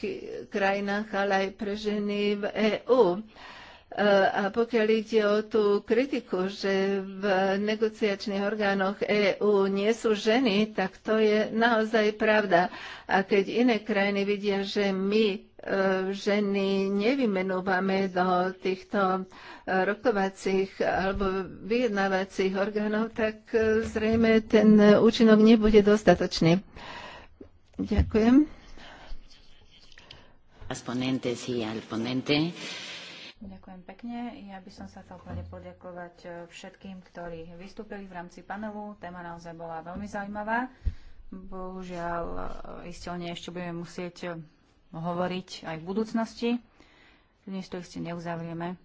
krajinách, ale aj pre ženy v EÚ. E, a pokiaľ ide o tú kritiku, že v negociačných orgánoch EÚ nie sú ženy, tak to je naozaj pravda. A keď iné krajiny vidia, že my E, ženy nevymenúvame do týchto e, rokovacích alebo vyjednávacích orgánov, tak e, zrejme ten účinok nebude dostatočný. Ďakujem. Ďakujem pekne. Ja by som sa chcel plne poďakovať všetkým, ktorí vystúpili v rámci panelu. Téma naozaj bola veľmi zaujímavá. Bohužiaľ, istelne ešte budeme musieť hovoriť aj v budúcnosti. Dnes to ešte neuzavrieme.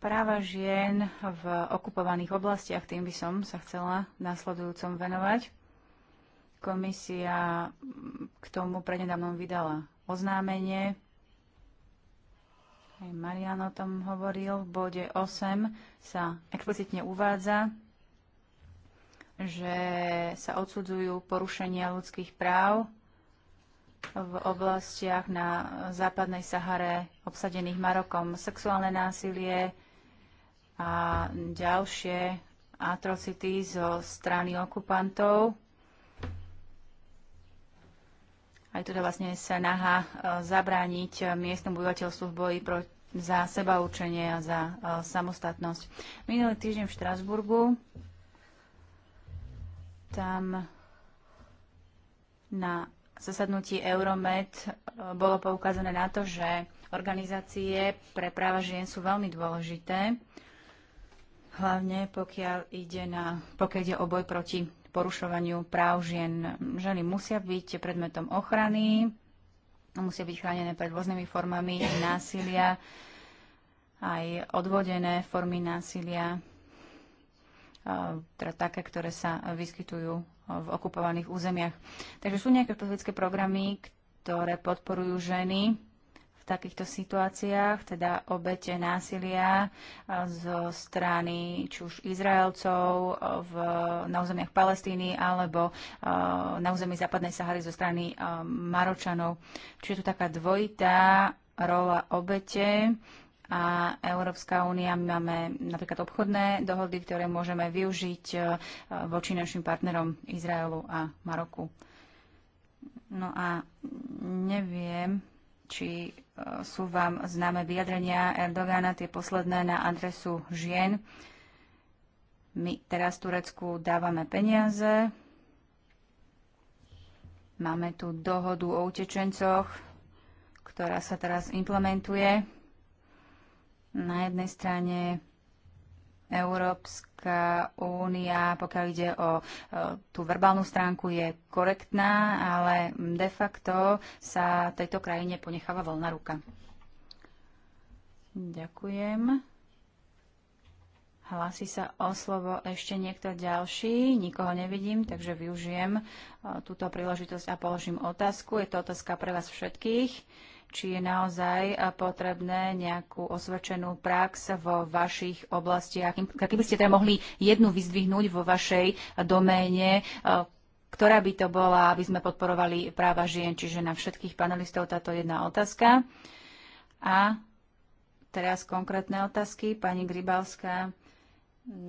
Práva žien v okupovaných oblastiach, tým by som sa chcela následujúcom venovať. Komisia k tomu prednedávnom vydala oznámenie. Aj Marian o tom hovoril. V bode 8 sa explicitne uvádza, že sa odsudzujú porušenia ľudských práv v oblastiach na západnej Sahare obsadených Marokom. Sexuálne násilie a ďalšie atrocity zo strany okupantov. Aj teda vlastne sa naha e, zabrániť e, miestnom obyvateľstvu v boji pro, za sebaučenie a za e, samostatnosť. Minulý týždeň v Štrasburgu tam na zasadnutí Euromed e, bolo poukázané na to, že organizácie pre práva žien sú veľmi dôležité, hlavne pokiaľ ide, na, pokiaľ ide o boj proti porušovaniu práv žien. Ženy musia byť predmetom ochrany, musia byť chránené pred rôznymi formami násilia, aj odvodené formy násilia, e, teda také, ktoré sa vyskytujú v okupovaných územiach. Takže sú nejaké špecifické programy, ktoré podporujú ženy v takýchto situáciách, teda obete násilia zo strany či už Izraelcov v, na územiach Palestíny alebo na území západnej Sahary zo strany Maročanov. Čiže je tu taká dvojitá rola obete a Európska únia, my máme napríklad obchodné dohody, ktoré môžeme využiť e, voči našim partnerom Izraelu a Maroku. No a neviem, či e, sú vám známe vyjadrenia Erdogana, tie posledné na adresu žien. My teraz Turecku dávame peniaze, Máme tu dohodu o utečencoch, ktorá sa teraz implementuje. Na jednej strane Európska únia, pokiaľ ide o e, tú verbálnu stránku, je korektná, ale de facto sa tejto krajine ponecháva voľná ruka. Ďakujem. Hlasí sa o slovo ešte niekto ďalší. Nikoho nevidím, takže využijem e, túto príležitosť a položím otázku. Je to otázka pre vás všetkých či je naozaj eh, potrebné nejakú osvedčenú prax vo vašich oblastiach. Keby ste teda mohli jednu vyzdvihnúť vo vašej eh, doméne, eh, ktorá by to bola, aby sme podporovali práva žien, čiže na všetkých panelistov táto jedna otázka. A teraz konkrétne otázky. Pani Gribalská,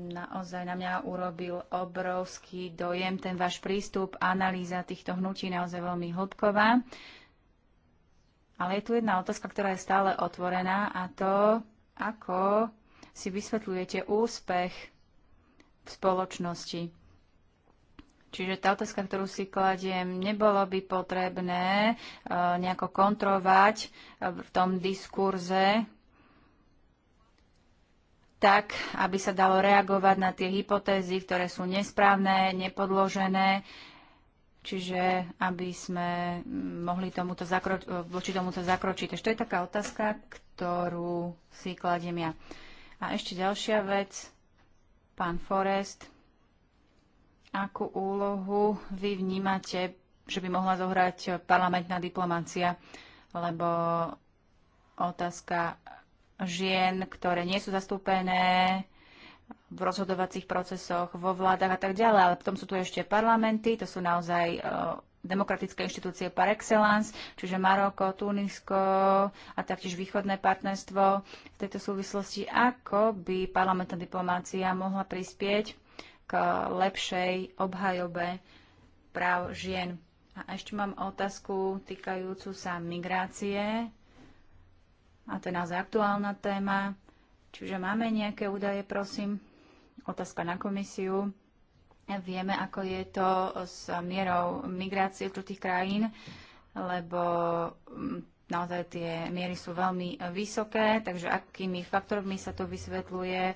naozaj na mňa urobil obrovský dojem ten váš prístup, analýza týchto hnutí naozaj veľmi hĺbková. Ale je tu jedna otázka, ktorá je stále otvorená a to, ako si vysvetľujete úspech v spoločnosti. Čiže tá otázka, ktorú si kladiem, nebolo by potrebné e, nejako kontrovať e, v tom diskurze tak, aby sa dalo reagovať na tie hypotézy, ktoré sú nesprávne, nepodložené, Čiže aby sme mm, mohli tomuto zakroč- e, voči tomuto zakročiť. Takže to je taká otázka, ktorú si kladiem ja. A ešte ďalšia vec, pán Forest, akú úlohu vy vnímate, že by mohla zohrať parlamentná diplomácia, lebo otázka žien, ktoré nie sú zastúpené v rozhodovacích procesoch, vo vládach a tak ďalej, ale potom sú tu ešte parlamenty, to sú naozaj e, demokratické inštitúcie par excellence, čiže Maroko, Tunisko a taktiež východné partnerstvo. V tejto súvislosti, ako by parlamentná diplomácia mohla prispieť k lepšej obhajobe práv žien. A ešte mám otázku týkajúcu sa migrácie, a to je naozaj aktuálna téma. Čiže máme nejaké údaje, prosím. Otázka na komisiu. Vieme, ako je to s mierou migrácie tých krajín, lebo mm, naozaj tie miery sú veľmi vysoké, takže akými faktormi sa to vysvetľuje, e,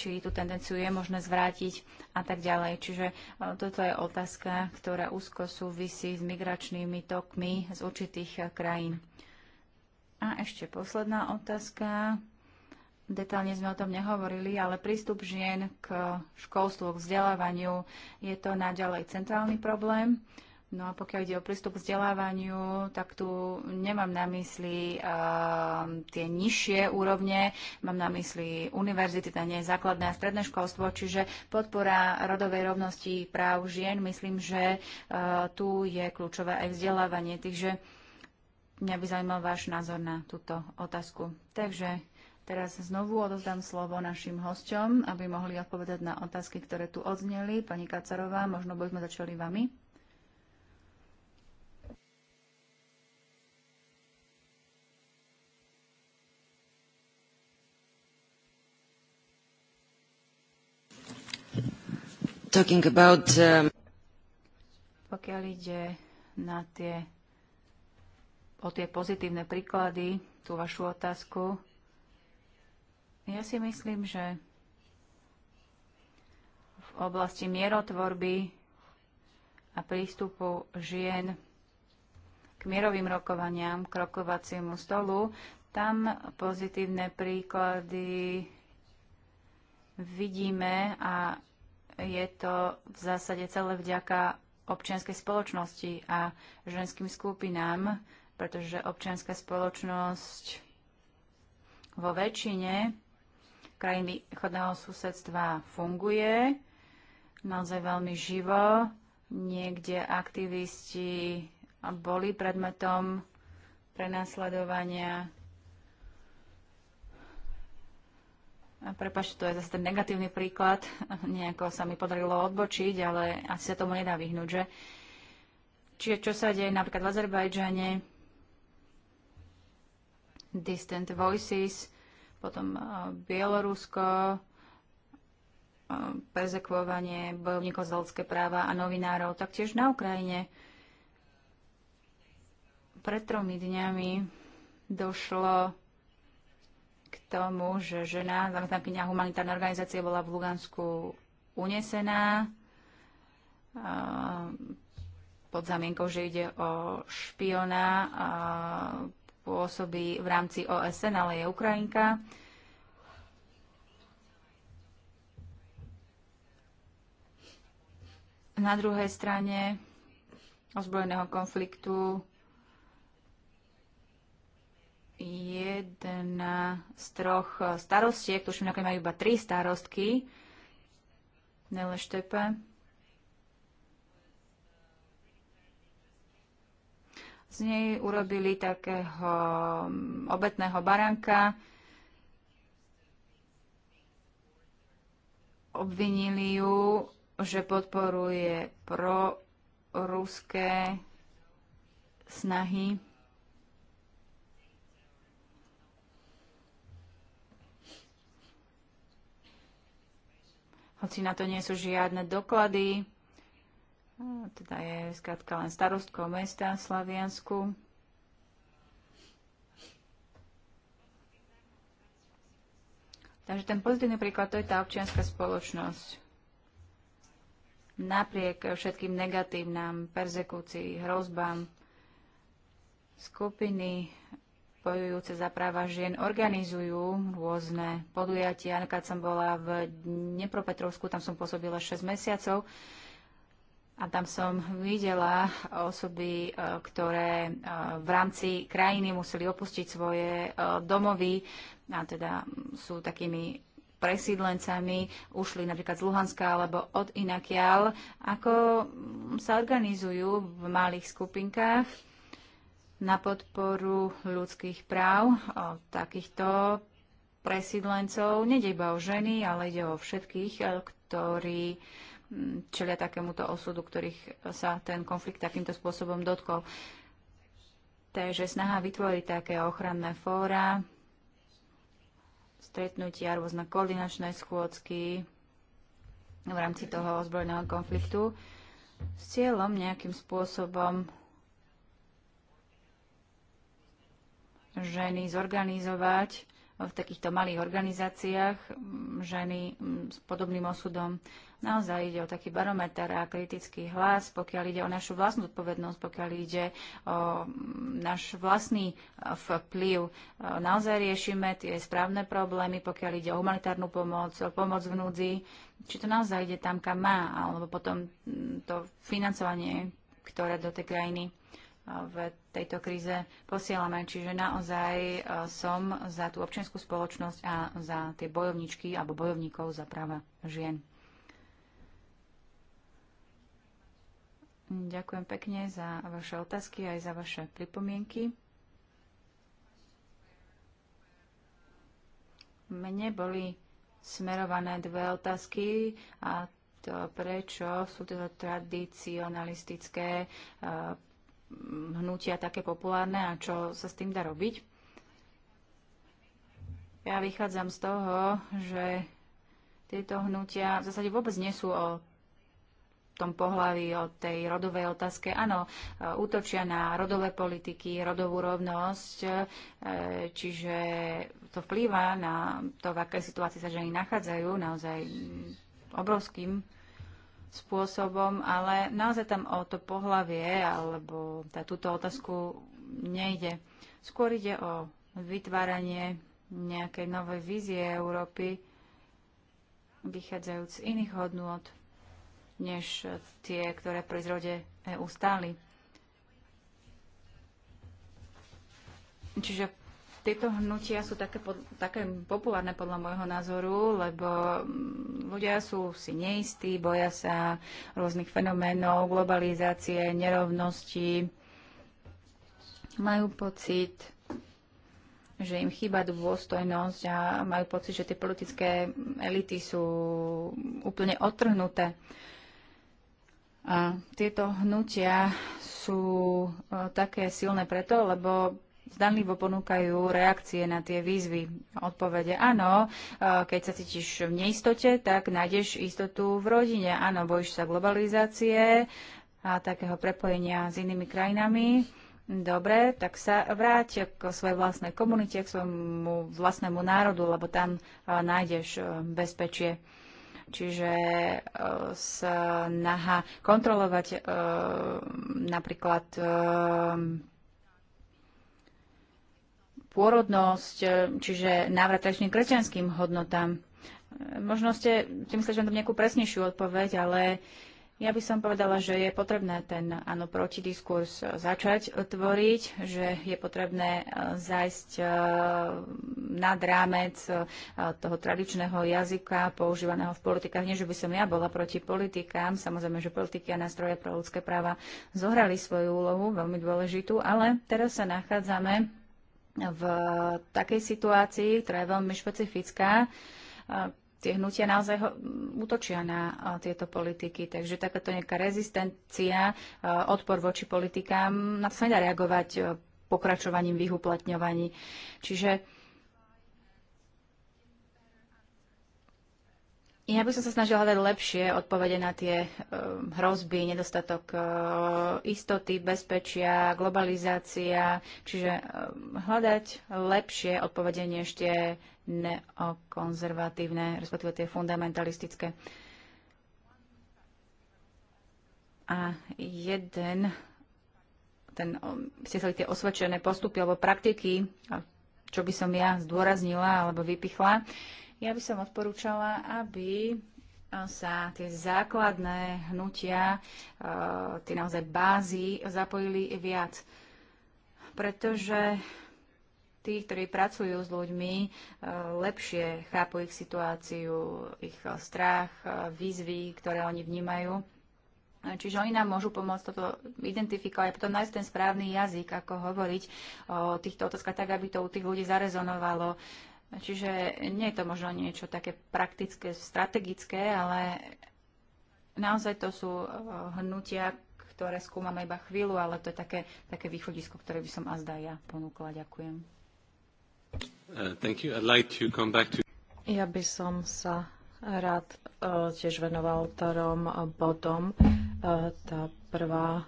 či tú tendenciu je možné zvrátiť a tak ďalej. Čiže e, toto je otázka, ktorá úzko súvisí s migračnými tokmi z určitých e, krajín. A ešte posledná otázka. Detálne sme o tom nehovorili, ale prístup žien k školstvu, k vzdelávaniu je to naďalej centrálny problém. No a pokiaľ ide o prístup k vzdelávaniu, tak tu nemám na mysli uh, tie nižšie úrovne, mám na mysli univerzity, to nie je základné a stredné školstvo, čiže podpora rodovej rovnosti práv žien, myslím, že uh, tu je kľúčové aj vzdelávanie. Takže mňa by zaujímal váš názor na túto otázku. Takže Teraz znovu odozdám slovo našim hosťom, aby mohli odpovedať na otázky, ktoré tu odzneli. Pani Kacarová, možno by sme začali vami. Talking about, um... Pokiaľ ide na tie, o tie pozitívne príklady, tú vašu otázku, ja si myslím, že v oblasti mierotvorby a prístupu žien k mierovým rokovaniam, k rokovaciemu stolu, tam pozitívne príklady vidíme a je to v zásade celé vďaka občianskej spoločnosti a ženským skupinám, pretože občianská spoločnosť vo väčšine krajiny východného susedstva funguje. Naozaj veľmi živo. Niekde aktivisti boli predmetom prenasledovania. Prepačte, to je zase ten negatívny príklad. Nejako sa mi podarilo odbočiť, ale asi sa tomu nedá vyhnúť, že? Čiže čo sa deje napríklad v Azerbajdžane? Distant Voices potom eh, Bielorusko, eh, perzekvovanie bojovníkov za ľudské práva a novinárov, taktiež na Ukrajine. Pred tromi dňami došlo k tomu, že žena, zamestnankyňa humanitárnej organizácie, bola v Lugansku unesená eh, pod zamienkou, že ide o špiona pôsobí v rámci OSN, ale je Ukrajinka. Na druhej strane ozbrojeného konfliktu jedna z troch starostiek, tuším, nakoniec majú iba tri starostky, Nele Štepe, z nej urobili takého mm, obetného baranka, obvinili ju, že podporuje proruské snahy. Hoci na to nie sú žiadne doklady, teda je skrátka len starostkou mesta v Slaviansku. Takže ten pozitívny príklad to je tá občianská spoločnosť. Napriek všetkým negatívnam, persekúcii, hrozbám, skupiny bojujúce za práva žien organizujú rôzne podujatia. Keď som bola v Nepropetrovsku, tam som pôsobila 6 mesiacov, a tam som videla osoby, e, ktoré e, v rámci krajiny museli opustiť svoje e, domovy a teda sú takými presídlencami, ušli napríklad z Luhanska alebo od inakial, ako sa organizujú v malých skupinkách na podporu ľudských práv takýchto presídlencov. Nede iba o ženy, ale ide o všetkých, ktorí čelia takémuto osudu, ktorých sa ten konflikt takýmto spôsobom dotkol. Takže snaha vytvoriť také ochranné fóra, stretnutia, rôzne koordinačné schôdzky v rámci toho ozbrojeného konfliktu s cieľom nejakým spôsobom ženy zorganizovať v takýchto malých organizáciách ženy s podobným osudom. Naozaj ide o taký barometer a kritický hlas, pokiaľ ide o našu vlastnú odpovednosť, pokiaľ ide o náš vlastný e, vplyv. E, naozaj riešime tie správne problémy, pokiaľ ide o humanitárnu pomoc, o pomoc v núdzi, či to naozaj ide tam, kam má, alebo potom to financovanie, ktoré do tej krajiny v tejto kríze posielame. Čiže naozaj e, som za tú občianskú spoločnosť a za tie bojovničky alebo bojovníkov za práva žien. Ďakujem pekne za vaše otázky aj za vaše pripomienky. Mne boli smerované dve otázky a to, prečo sú tieto tradicionalistické e, hnutia také populárne a čo sa s tým dá robiť. Ja vychádzam z toho, že tieto hnutia v zásade vôbec nie sú o tom pohľavi, o tej rodovej otázke. Áno, útočia na rodové politiky, rodovú rovnosť, e, čiže to vplýva na to, v akej situácii sa ženy nachádzajú, naozaj obrovským spôsobom, ale naozaj tam o to pohlavie alebo tá, túto otázku nejde. Skôr ide o vytváranie nejakej novej vízie Európy, vychádzajúc z iných hodnôt, než tie, ktoré pri zrode EU stáli. Čiže tieto hnutia sú také, po, také populárne podľa môjho názoru, lebo mm, ľudia sú si neistí, boja sa rôznych fenoménov, globalizácie, nerovnosti. Majú pocit, že im chýba dôstojnosť a majú pocit, že tie politické elity sú úplne otrhnuté. A tieto hnutia sú e, také silné preto, lebo zdanlivo ponúkajú reakcie na tie výzvy, odpovede. Áno, e, keď sa cítiš v neistote, tak nájdeš istotu v rodine. Áno, bojíš sa globalizácie a takého prepojenia s inými krajinami. Dobre, tak sa vráť k svojej vlastnej komunite, k svojmu vlastnému národu, lebo tam e, nájdeš e, bezpečie čiže snaha kontrolovať napríklad pôrodnosť, e, čiže návrat tradičným kresťanským hodnotám. Možno ste tým že mám nejakú presnejšiu odpoveď, ale ja by som povedala, že je potrebné ten áno, protidiskurs začať tvoriť, že je potrebné e, zajsť e, nad rámec toho tradičného jazyka používaného v politikách. Nie, že by som ja bola proti politikám, samozrejme, že politiky a nástroje pre ľudské práva zohrali svoju úlohu, veľmi dôležitú, ale teraz sa nachádzame v takej situácii, ktorá je veľmi špecifická, tie hnutia naozaj útočia na tieto politiky. Takže takáto nejaká rezistencia, odpor voči politikám, na to sa nedá reagovať pokračovaním v ich uplatňovaní. Čiže Ja by som sa snažila hľadať lepšie odpovede na tie eh, hrozby, nedostatok eh, istoty, bezpečia, globalizácia, čiže eh, hľadať lepšie odpovede než tie neokonzervatívne, respektíve tie fundamentalistické. A jeden, ten, ste sa tie osvedčené postupy alebo praktiky, čo by som ja zdôraznila alebo vypichla, ja by som odporúčala, aby sa tie základné hnutia, tie naozaj bázy zapojili viac. Pretože tí, ktorí pracujú s ľuďmi, lepšie chápu ich situáciu, ich strach, výzvy, ktoré oni vnímajú. Čiže oni nám môžu pomôcť toto identifikovať a potom nájsť ten správny jazyk, ako hovoriť o týchto otázkach, tak aby to u tých ľudí zarezonovalo, Čiže nie je to možno niečo také praktické, strategické, ale naozaj to sú eh, hnutia, ktoré skúmame iba chvíľu, ale to je také, také východisko, ktoré by som azda ja ponúkla. Ďakujem. Uh, like to to... Ja by som sa rád uh, tiež venoval ktorom bodom. Uh, tá prvá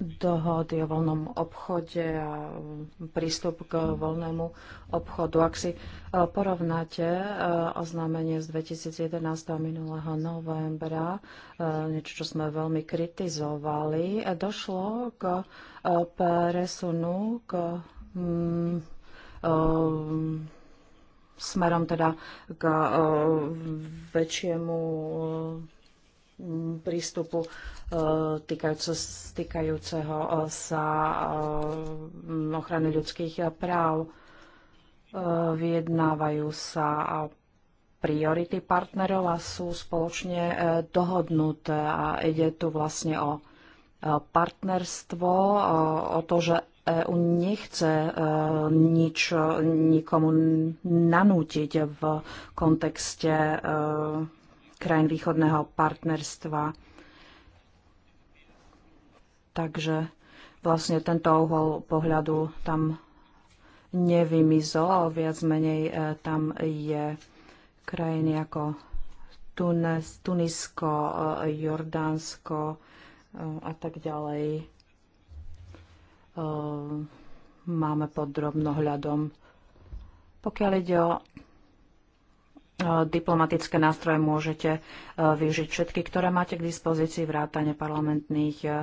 dohody o voľnom obchode a prístup k voľnému obchodu. Ak si e, porovnáte e, oznámenie z 2011. minulého novembra, e, niečo, čo sme veľmi kritizovali, došlo k presunu k mm, smerom teda k väčšiemu prístupu e, týkajúceho e, sa e, ochrany ľudských práv. Vyjednávajú sa priority partnerov a sú spoločne dohodnuté. A ide tu vlastne o partnerstvo, o to, že EU nechce nič nikomu nanútiť v kontekste krajín východného partnerstva. Takže vlastne tento uhol pohľadu tam nevymizol, ale viac menej e, tam je krajiny ako Tunes, Tunisko, e, Jordánsko e, a tak ďalej. Máme pod drobnohľadom. Pokiaľ ide o Eh, diplomatické nástroje môžete eh, využiť všetky, ktoré máte k dispozícii, vrátane parlamentných eh,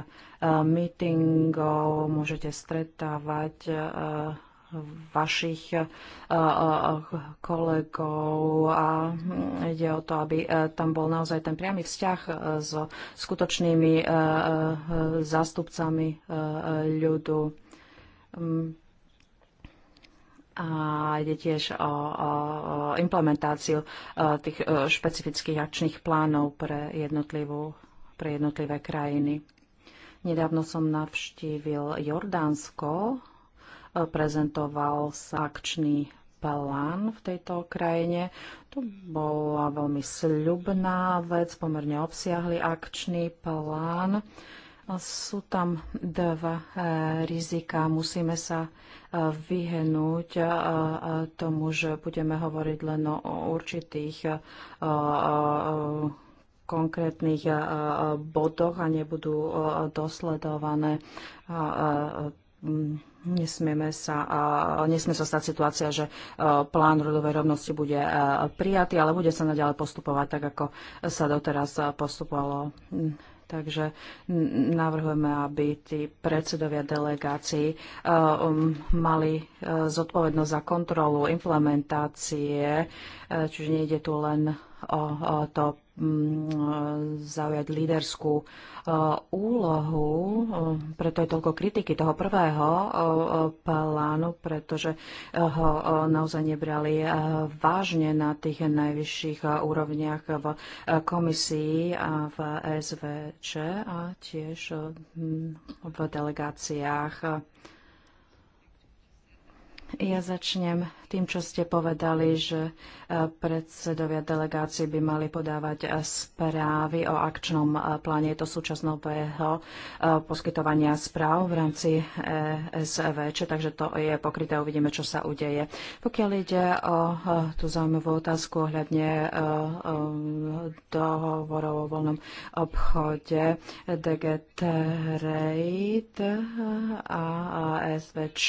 mítingov, môžete stretávať vašich kolegov a hm, ide o to, aby tam bol naozaj ten priamy vzťah s skutočnými zástupcami ľudu. Hm, a ide tiež o, o, o implementáciu e, tých e, špecifických akčných plánov pre, jednotlivú, pre jednotlivé krajiny. Nedávno som navštívil Jordánsko, e, prezentoval sa akčný plán v tejto krajine. To bola veľmi sľubná vec, pomerne obsiahly akčný plán. Uh, sú tam dva e, rizika. Musíme sa e, vyhnúť e, tomu, že budeme hovoriť len o určitých konkrétnych bodoch a nebudú dosledované Nesmieme sa, nesmie sa stať situácia, že plán rodovej rovnosti bude prijatý, ale bude sa naďalej postupovať tak, ako sa doteraz postupovalo. Takže navrhujeme, aby tí predsedovia delegácií eh, um, mali eh, zodpovednosť za kontrolu implementácie, eh, čiže nejde tu len o to Mm, zaujať líderskú e, úlohu, e, preto je toľko kritiky toho prvého e, plánu, pretože ho naozaj nebrali vážne na tých najvyšších úrovniach v komisii a v SVČ a tiež v delegáciách. Ja začnem tým, čo ste povedali, že e, predsedovia delegácie by mali podávať e, správy o akčnom e, pláne. Je to súčasť nového poskytovania správ v rámci SV, takže to je pokryté. Uvidíme, čo sa udeje. Pokiaľ ide o tú zaujímavú otázku ohľadne dohovorov o voľnom obchode DG Trade a SVČ,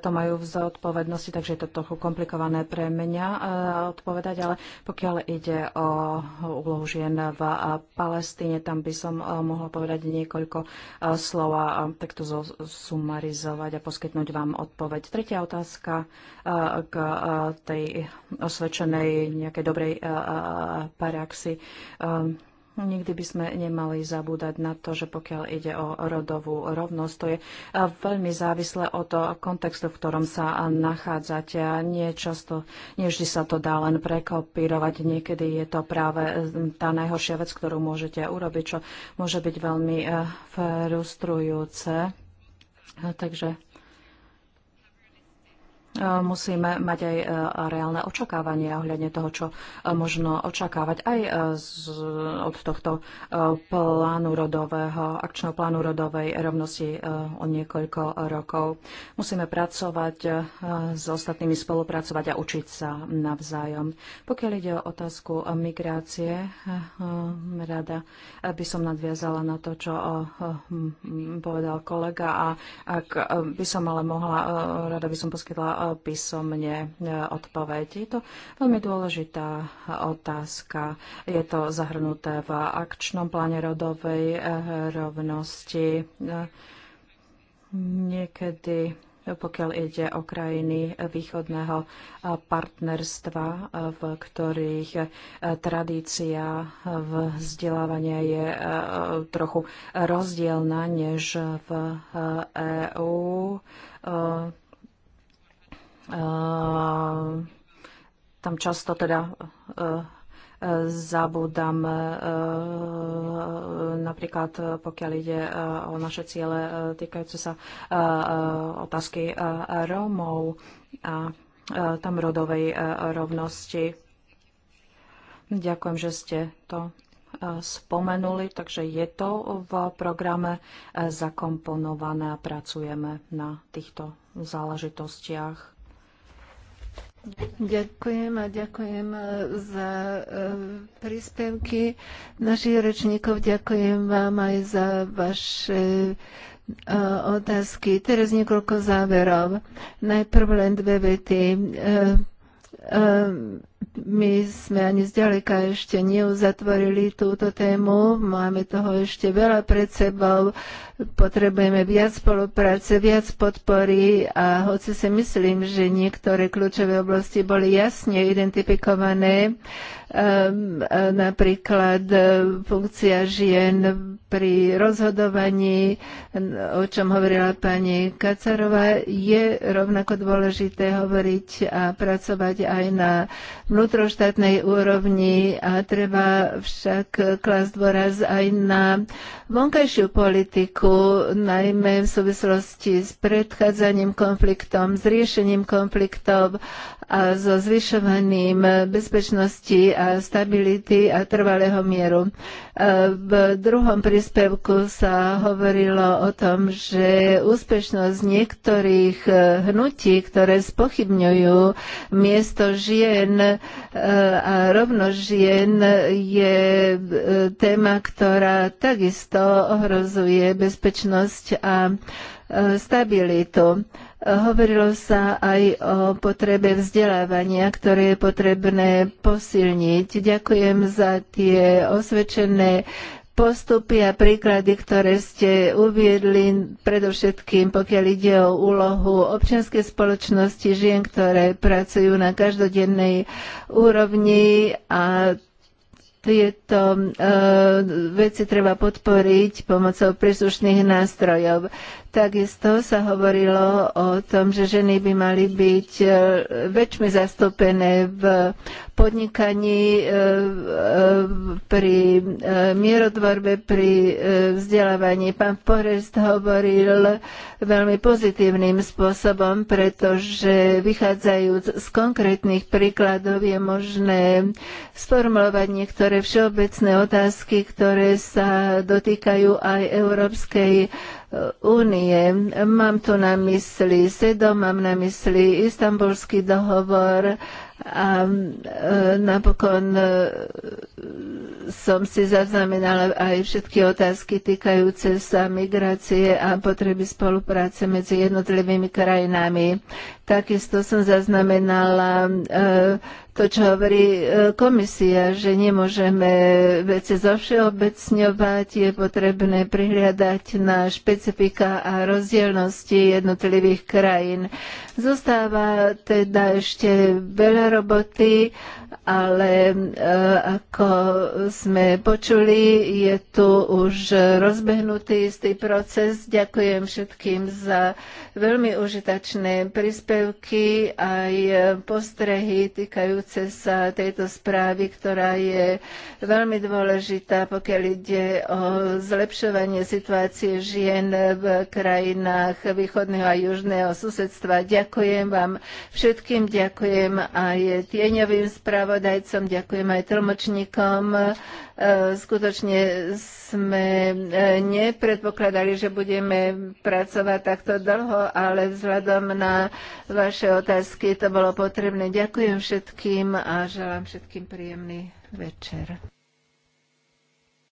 to majú majú v zodpovednosti, takže je to trochu komplikované pre mňa e, odpovedať, ale pokiaľ ide o úlohu žien v e, Palestíne, tam by som e, mohla povedať niekoľko slov a takto sumarizovať a poskytnúť vám odpoveď. Tretia otázka k tej osvedčenej nejakej dobrej praxi Nikdy by sme nemali zabúdať na to, že pokiaľ ide o rodovú rovnosť, to je veľmi závislé od kontextu, v ktorom sa nachádzate. nie často, nie vždy sa to dá len prekopírovať. Niekedy je to práve tá najhoršia vec, ktorú môžete urobiť, čo môže byť veľmi frustrujúce. Takže musíme mať aj e, reálne očakávania ohľadne toho, čo e, možno očakávať aj e, z, od tohto plánu rodového, akčného plánu rodovej rovnosti o niekoľko rokov. Musíme pracovať s ostatnými, spolupracovať a učiť sa navzájom. Pokiaľ ide o otázku migrácie, rada by som nadviazala na to, čo povedal kolega a ak by som ale mohla, rada by som poskytla písomne e, odpoveď. Je to veľmi dôležitá otázka. Je to zahrnuté v akčnom pláne rodovej e, rovnosti. E, niekedy pokiaľ ide o krajiny východného partnerstva, v ktorých tradícia vzdelávania je trochu rozdielna než v EÚ Ehm, tam často teda eh, eh, zabúdam eh, napríklad pokiaľ ide o naše ciele týkajúce sa otázky Rómov a tam rodovej rovnosti. Ďakujem, že ste to spomenuli, takže je to v programe zakomponované a pracujeme na týchto záležitostiach. Ďakujem a ďakujem za e, príspevky našich rečníkov. Ďakujem vám aj za vaše e, otázky. Teraz niekoľko záverov. Najprv len dve vety e, my sme ani zďaleka ešte neuzatvorili túto tému, máme toho ešte veľa pred sebou, potrebujeme viac spolupráce, viac podpory a hoci si myslím, že niektoré kľúčové oblasti boli jasne identifikované, um, um, napríklad uh, funkcia žien pri rozhodovaní, o čom hovorila pani Kacarová, je rovnako dôležité hovoriť a pracovať aj na vnútroštátnej úrovni a treba však klasť dôraz aj na vonkajšiu politiku, najmä v súvislosti s predchádzaním konfliktom, s riešením konfliktov a so zvyšovaním bezpečnosti a stability a trvalého mieru. V druhom príspevku sa hovorilo o tom, že úspešnosť niektorých hnutí, ktoré spochybňujú miesto žien a rovnosť žien je e, téma, ktorá takisto ohrozuje bezpečnosť a e, stabilitu. Hovorilo sa aj o potrebe vzdelávania, ktoré je potrebné posilniť. Ďakujem za tie osvedčené postupy a príklady, ktoré ste uviedli, predovšetkým pokiaľ ide o úlohu občianskej spoločnosti žien, ktoré pracujú na každodennej úrovni a tieto uh, veci treba podporiť pomocou príslušných nástrojov. Takisto sa hovorilo o tom, že ženy by mali byť uh, väčšmi zastúpené v podnikaní, uh, uh, pri uh, mierotvorbe, pri uh, vzdelávaní. Pán Porest hovoril veľmi pozitívnym spôsobom, pretože vychádzajúc z konkrétnych príkladov je možné sformulovať niektoré niektoré všeobecné otázky, ktoré sa dotýkajú aj Európskej e, únie. Mám tu na mysli SEDO, mám na mysli Istanbulský dohovor a e, napokon e, som si zaznamenala aj všetky otázky týkajúce sa migrácie a potreby spolupráce medzi jednotlivými krajinami. Takisto som zaznamenala to, čo hovorí e, komisia, že nemôžeme veci zovšeobecňovať, je potrebné prihľadať na špecifika a rozdielnosti jednotlivých krajín. Zostáva teda ešte veľa roboty, ale e, ako sme počuli, je tu už rozbehnutý istý proces. Ďakujem všetkým za veľmi užitačné príspevky aj postrehy týkajúce týkajúce tejto správy, ktorá je veľmi dôležitá, pokiaľ ide o zlepšovanie situácie žien v krajinách východného a južného susedstva. Ďakujem vám všetkým, ďakujem aj tieňovým spravodajcom, ďakujem aj tlmočníkom. E, skutočne sme e, nepredpokladali, že budeme pracovať takto dlho, ale vzhľadom na vaše otázky to bolo potrebné. Ďakujem všetkým všetkým a želám všetkým príjemný večer.